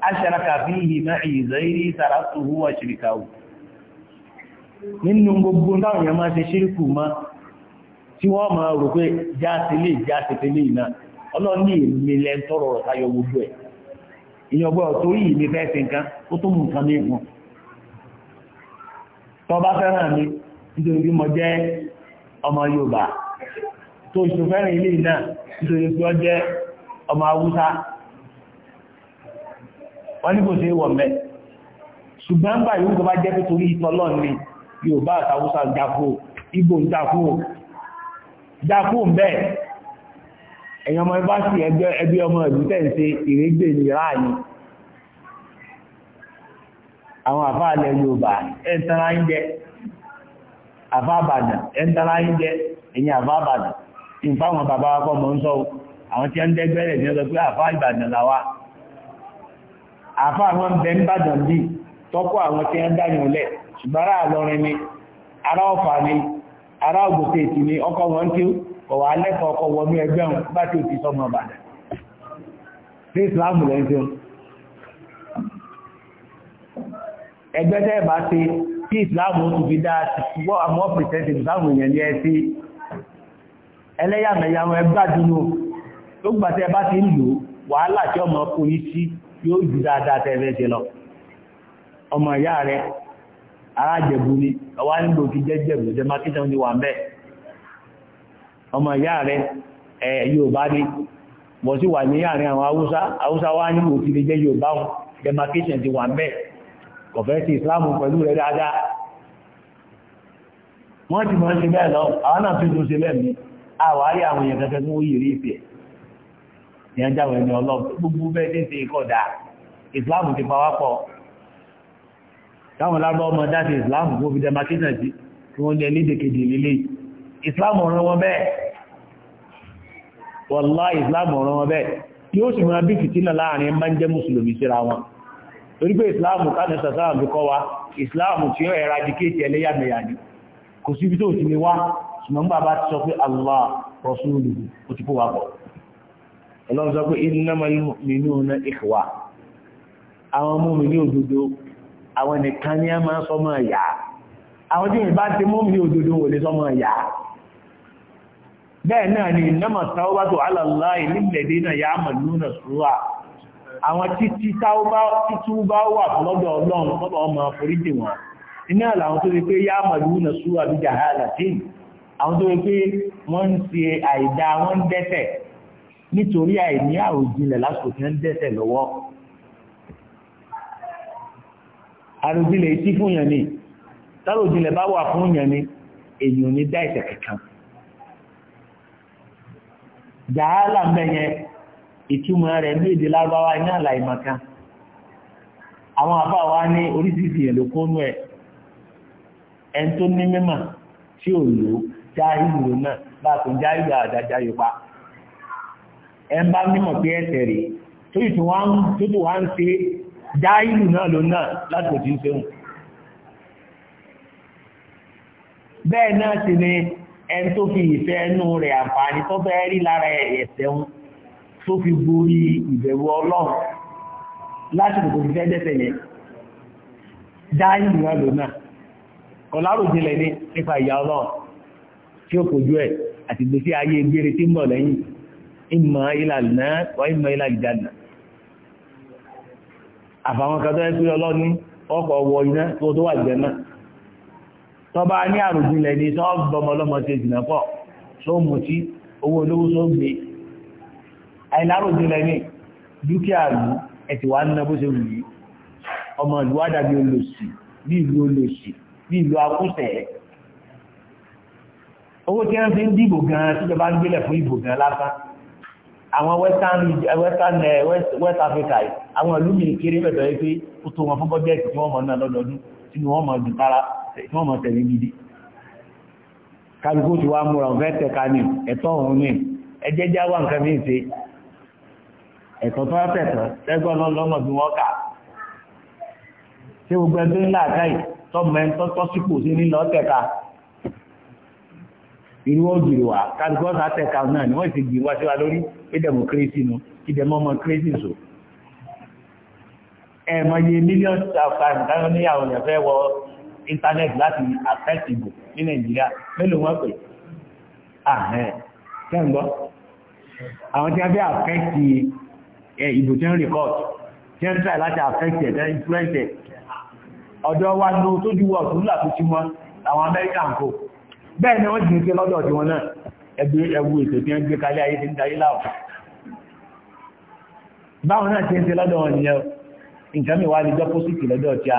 a fihi ma'i zairi saratu huwa shirkahu nínú gbogbo táwọn èèyàn gbogbo ẹ̀ ìyọ̀gbọ́ ṣe nǹkan ó tó mú nǹkan mìíràn tó bá fẹ́ràn mi nítorí bí mo ọmọ Yorùbá tó ìṣòfẹ́ràn ọmọ wọ́n ní kò sí wọ̀ mẹ́ ṣùgbọ́n gbà yóò tó bá jẹ́ nítorí ìtọ́lọ́ ni Yorùbá àtàwùsà dákó Ìgbò ń dákó dákó ń bẹ́ ẹ̀yàn ọmọ ẹbá sí ẹgbẹ́ ọmọ ìlú tẹ́ǹsẹ̀ ìrégbè ní ráàyìn àwọn àfáàlẹ̀ Yorùbá ẹ̀ntara ń jẹ́ àfáàbàdàn ẹ̀ntara ń jẹ́ ẹ̀yìn àfáàbàdàn wa àfá àwọn bẹ̀ ń bàjàn bí tọ́kọ́ àwọn tí wọ́n dáyàn lẹ̀ ṣùgbọ́n àlọrin ni ará ọ̀fà ni ará ògbòtè ètì ni ọkọ̀ wọn tí kò wà lẹ́kọ̀ọ́ ọkọ̀ wọnú ẹgbẹ́ wọn bá tí ò ti sọmọ Ìbàdàn ní ìsìláàmù lẹ́ńtẹ́ ẹgbẹ́ tẹ́ bá tó gbàtẹ́ bá ti ń lò wàhálà tí ọmọ kò yí sí yóò ju dáadáa tẹ́fẹ́ ṣe lọ ọmọ ìyá rẹ ará ni ọwá nílò ti jẹ́ jẹ̀bù demarcation wà ń bẹ̀ ọmọ ìyá ẹ̀ bá ni bọ̀ sí wà ní àárín àwọn Haúsá Haúsá wá nílò kí lè jẹ́ Yorùbá wọn demarcation wà ń kọ̀fẹ́ sí Islam pẹ̀lú dáadáa wọ́n ti mọ̀ ṣe mi àwárí àwọn èèyàn tó yìí rí ìfẹ́ ìyẹn jáwé ní ọlọ́run gbogbo bẹ́ẹ̀ tí ń ṣe ikọ̀ dáa ìsìláàmù ti pawápọ̀ táwọn lábọ́ ọmọ dáti ìsìláàmù fún òfin demarcation sí tí wọ́n lé lédèkèdè lílé ìsìláàmù ọ̀rọ̀ wọn bẹ́ẹ̀ wọ́lá ìsìláàmù ọ̀rọ̀ wọn bẹ́ẹ̀ tí ó sì máa bí fìtínà láàrin máa ń jẹ́ mùsùlùmí síra wọn torí pé ìsìláàmù káàdì sàtàrà fi tó ti ní wá ṣùgbọ́n bàbá ti sọ pé Allah Rasuluhu ó ti kó wa pọ̀ ọlọ́run sọ pé innamal mu'minuna ikhwa àwọn mùmínì òdodo àwọn nìkan ní a máa sọmọ ìyá àwọn tí ìbá ti mùmínì òdodo wòlé sọmọ ìyá bẹ́ẹ̀ náà ni innama tawbatu ala Allahi lilladina ya'maluna su'a àwọn títí túbá wà lọ́dọ̀ ọlọ́run lọ́dọ̀ ọmọ foríjì wọn iná àwọn tó rí pé ya'maluna su'a bi jahalatin àwọn nítorí àìní àròjinlẹ̀ lásìkò tí wọ́n ń dẹ́ṣẹ̀ lọ́wọ́ àròjinlẹ̀ etí fún yàn ni táròjinlẹ̀ bá wà fún yàn ni èyí ò ní dá ẹ̀ṣẹ̀ kankan jàálà mẹ́yẹn ìtumọ̀ rẹ̀ ní èdè lárúbáwá ní àlàìmọ̀kan àwọn àbá wa ní oríṣiríṣi yẹn ló kónú ẹ̀ ẹni tó ní mímọ̀ tí ò lò jáìlú náà bá tún jáìlú àdájá yóò pa ẹmbá mímọ̀ pé ẹ̀sẹ̀ rẹ̀ tó ìtù wá ń ṣe dá ìlú náà ló náà láti òtí ń ṣeun bẹ́ẹ̀ náà sì ni ẹn tó fi ìfẹ́ ẹnu rẹ̀ àǹfààní tó fẹ́ rí lára ẹ̀sẹ̀ tó fi borí ìbẹ̀rù ọlọ́run láti òtò fẹ́ dẹ́sẹ̀ yẹn dá ìlú náà ló náà ìmọ̀ ilà náà wà ìmọ̀ ilà ìjànà àfàwọn kan tó ẹ́ pé ọlọ́ni ọkọ̀ wọ iná tó tó wà jẹ́ náà tọba ní àrùjìnlẹ̀ ní tó bọmọlọmọ ṣe jìnà pọ̀ tó mú tí owó olówó tó gbé àìlárùjìnlẹ̀ ní dúkìá rú ẹ̀tì wà ń nabó ṣe wù yí ọmọ ìlú àdàbí olóṣì bí ìlú olóṣì bí ìlú akúṣẹ̀ owó tí wọ́n fi ń dìbò gan-an tíjọba àwọn western eh, eh, west africa àwọn ìlú mi kéré bẹ̀bẹ̀ wípé ó tó wọn fún bọ́jẹ́ẹ̀tì tí wọ́n mọ̀ náà lọ́dọọdún tí wọ́n mọ̀ jù tara tí wọ́n mọ̀ tẹ̀lé gidi kálukú ti wá múra ọ̀fẹ́ tẹ̀ka ní ẹ̀tọ́ òun ní ẹjẹ́ já wà nǹkan mí ṣe ẹ̀tọ́ tó fẹ̀tọ̀ tẹ́gbọ́n náà lọ́mọ irú ògìrì wà káàkiri àtẹ́ka náà ni wọ́n ti gbì wá síwá lórí pé democracy nu kí demọ́mọ́ crazy so ẹ̀mọye million staffan táwọn níyàwó yẹn fẹ́ wọ internet láti affect ìbò ní nàìjíríà mélòó wọ́n pè ààrẹ kẹ́ǹgbọ́ àwọn tí a fẹ́ affect ìbò tí ń record tí ń try láti affect ẹ̀ tẹ́ influence ẹ̀ ọ̀dọ́ wa lo tójú wọ̀ tó là tó ti wọn àwọn Amẹ́ríkà ń kò bẹ́ẹ̀ ni wọ́n jìn sí lọ́dọ̀ na wọ́n náà ẹgbẹ́ ẹwú ètò tí wọ́n gbé kalẹ̀ ayé ti ń darí láwọ̀ báwọn náà ti ń sí lọ́dọ̀ wọn nìyẹn nǹkan mi wá ní dọ́pọ́sìtì lọ́dọ̀ tí a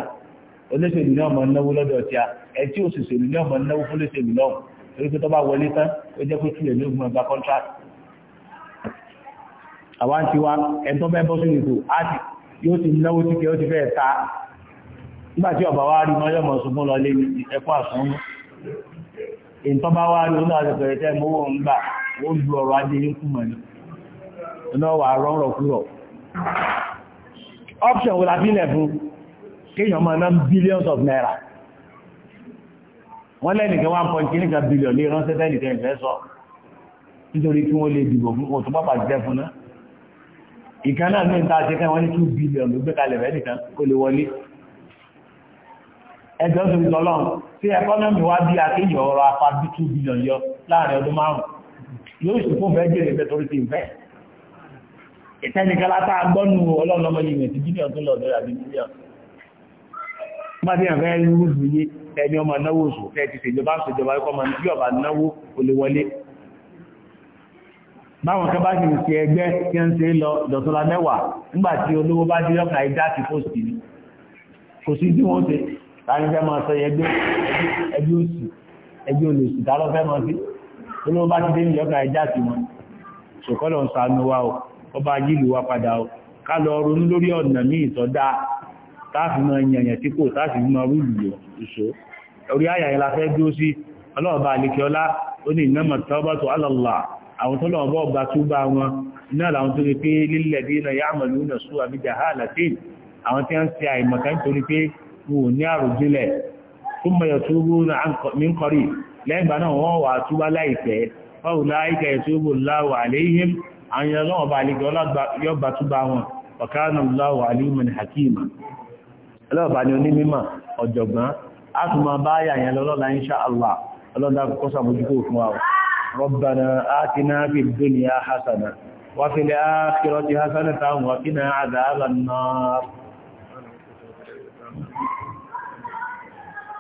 olóṣèlú náà mọ̀ náwó lọ́dọ̀ tí a ẹ̀ tí òṣèṣèlú náà mọ̀ náwó fún torí ìtọ́bá wá ní ọlọ́ àti pẹ̀rẹ̀tẹ́ mọ́wọ́ ń gbà ó ń ju ọrọ̀ ajé yín kúmọ̀ ní ọlọ́wà rọ́rọ̀ kúrọ̀ option wò láti ilẹ̀ fún kéèyàn máa ná billions of naira wọ́n lẹ́nìkan one point kí nìkan billion lè ránṣẹ́ tẹ́nìkan ìfẹ́ sọ nítorí kí wọ́n lè dìbò fún òtún pápá jẹ́ fún náà ìkan náà ní ìta àti kan wọ́n ní two billion ló gbé kalẹ̀ rẹ̀ nìkan kó lè wọlé ẹjọ́ tó ìtọ́ lọ́n tí ẹkọ́nọ́mì wá bí akéyọ̀ ọ̀rọ̀ afá bí 2 billion yọ láàrin ọdún márùn yóò sì fún fẹ́ jèrè fẹ́ torí ti ń fẹ́ ìtẹ́nikẹ́lá tá a gbọ́nù ọlọ́run ọmọ yìí mẹ̀tí bílíọ̀n tó lọ dọ́là bí bílíọ̀n má ti ẹ̀fẹ́ rúrú yé ẹni ọmọ náwó oṣù fẹ́ ti ṣèjọba ṣèjọba ikọ́ ọmọ bí ọba náwó olówọlé báwọn kan bá sì ń ṣe ẹgbẹ́ tí ń ṣe lọ dọ̀tọ́lá mẹ́wàá nígbà tí olówó bá dé ọkàn ẹja ti fòsì ni kò sí tí wọ́n ṣe tàbí fẹ́ máa sọ ẹgbẹ́ ẹgbẹ́ òsì ẹgbẹ́ olùsì tàbí fẹ́ máa sí tó ló bá ti dé nílọ́kà ẹjá sí wọn ṣòkọ́lọ̀ ń ṣàánú wa o ọba jílù wa padà o ká lọ ronú lórí ọ̀nà míì tọ́dá táàfì mọ tí kò táàfì mọ la fẹ́ dúró sí ọlọ́ọ̀bá àlekẹ́ọ́lá ó ní ìnámọ̀ tọ́bọ̀tò alọ́lá àwọn tó lọ́wọ́ bọ́ ọgbà túbà wọn iná làwọn tó rí pé ń ṣe pé wọn ò ní àròjinlẹ̀ fún mọ̀ yẹ̀túbú ní kọrí lẹ́gbà náà wọ́n wà túbá láìpẹ́ fáwọn láìka yẹ̀túbú láwọ̀ àléhìm àwọn ọlọ́wọ̀ bá lè yọba túbá wọn ọ̀kánà láwọ̀ àléhìm hakima ọlọ́wọ̀ bá ní onímọ̀ ọ̀jọ̀gbọ́n wa rabbana atina fid dunya hasana wa fil akhirati hasanatan wa qina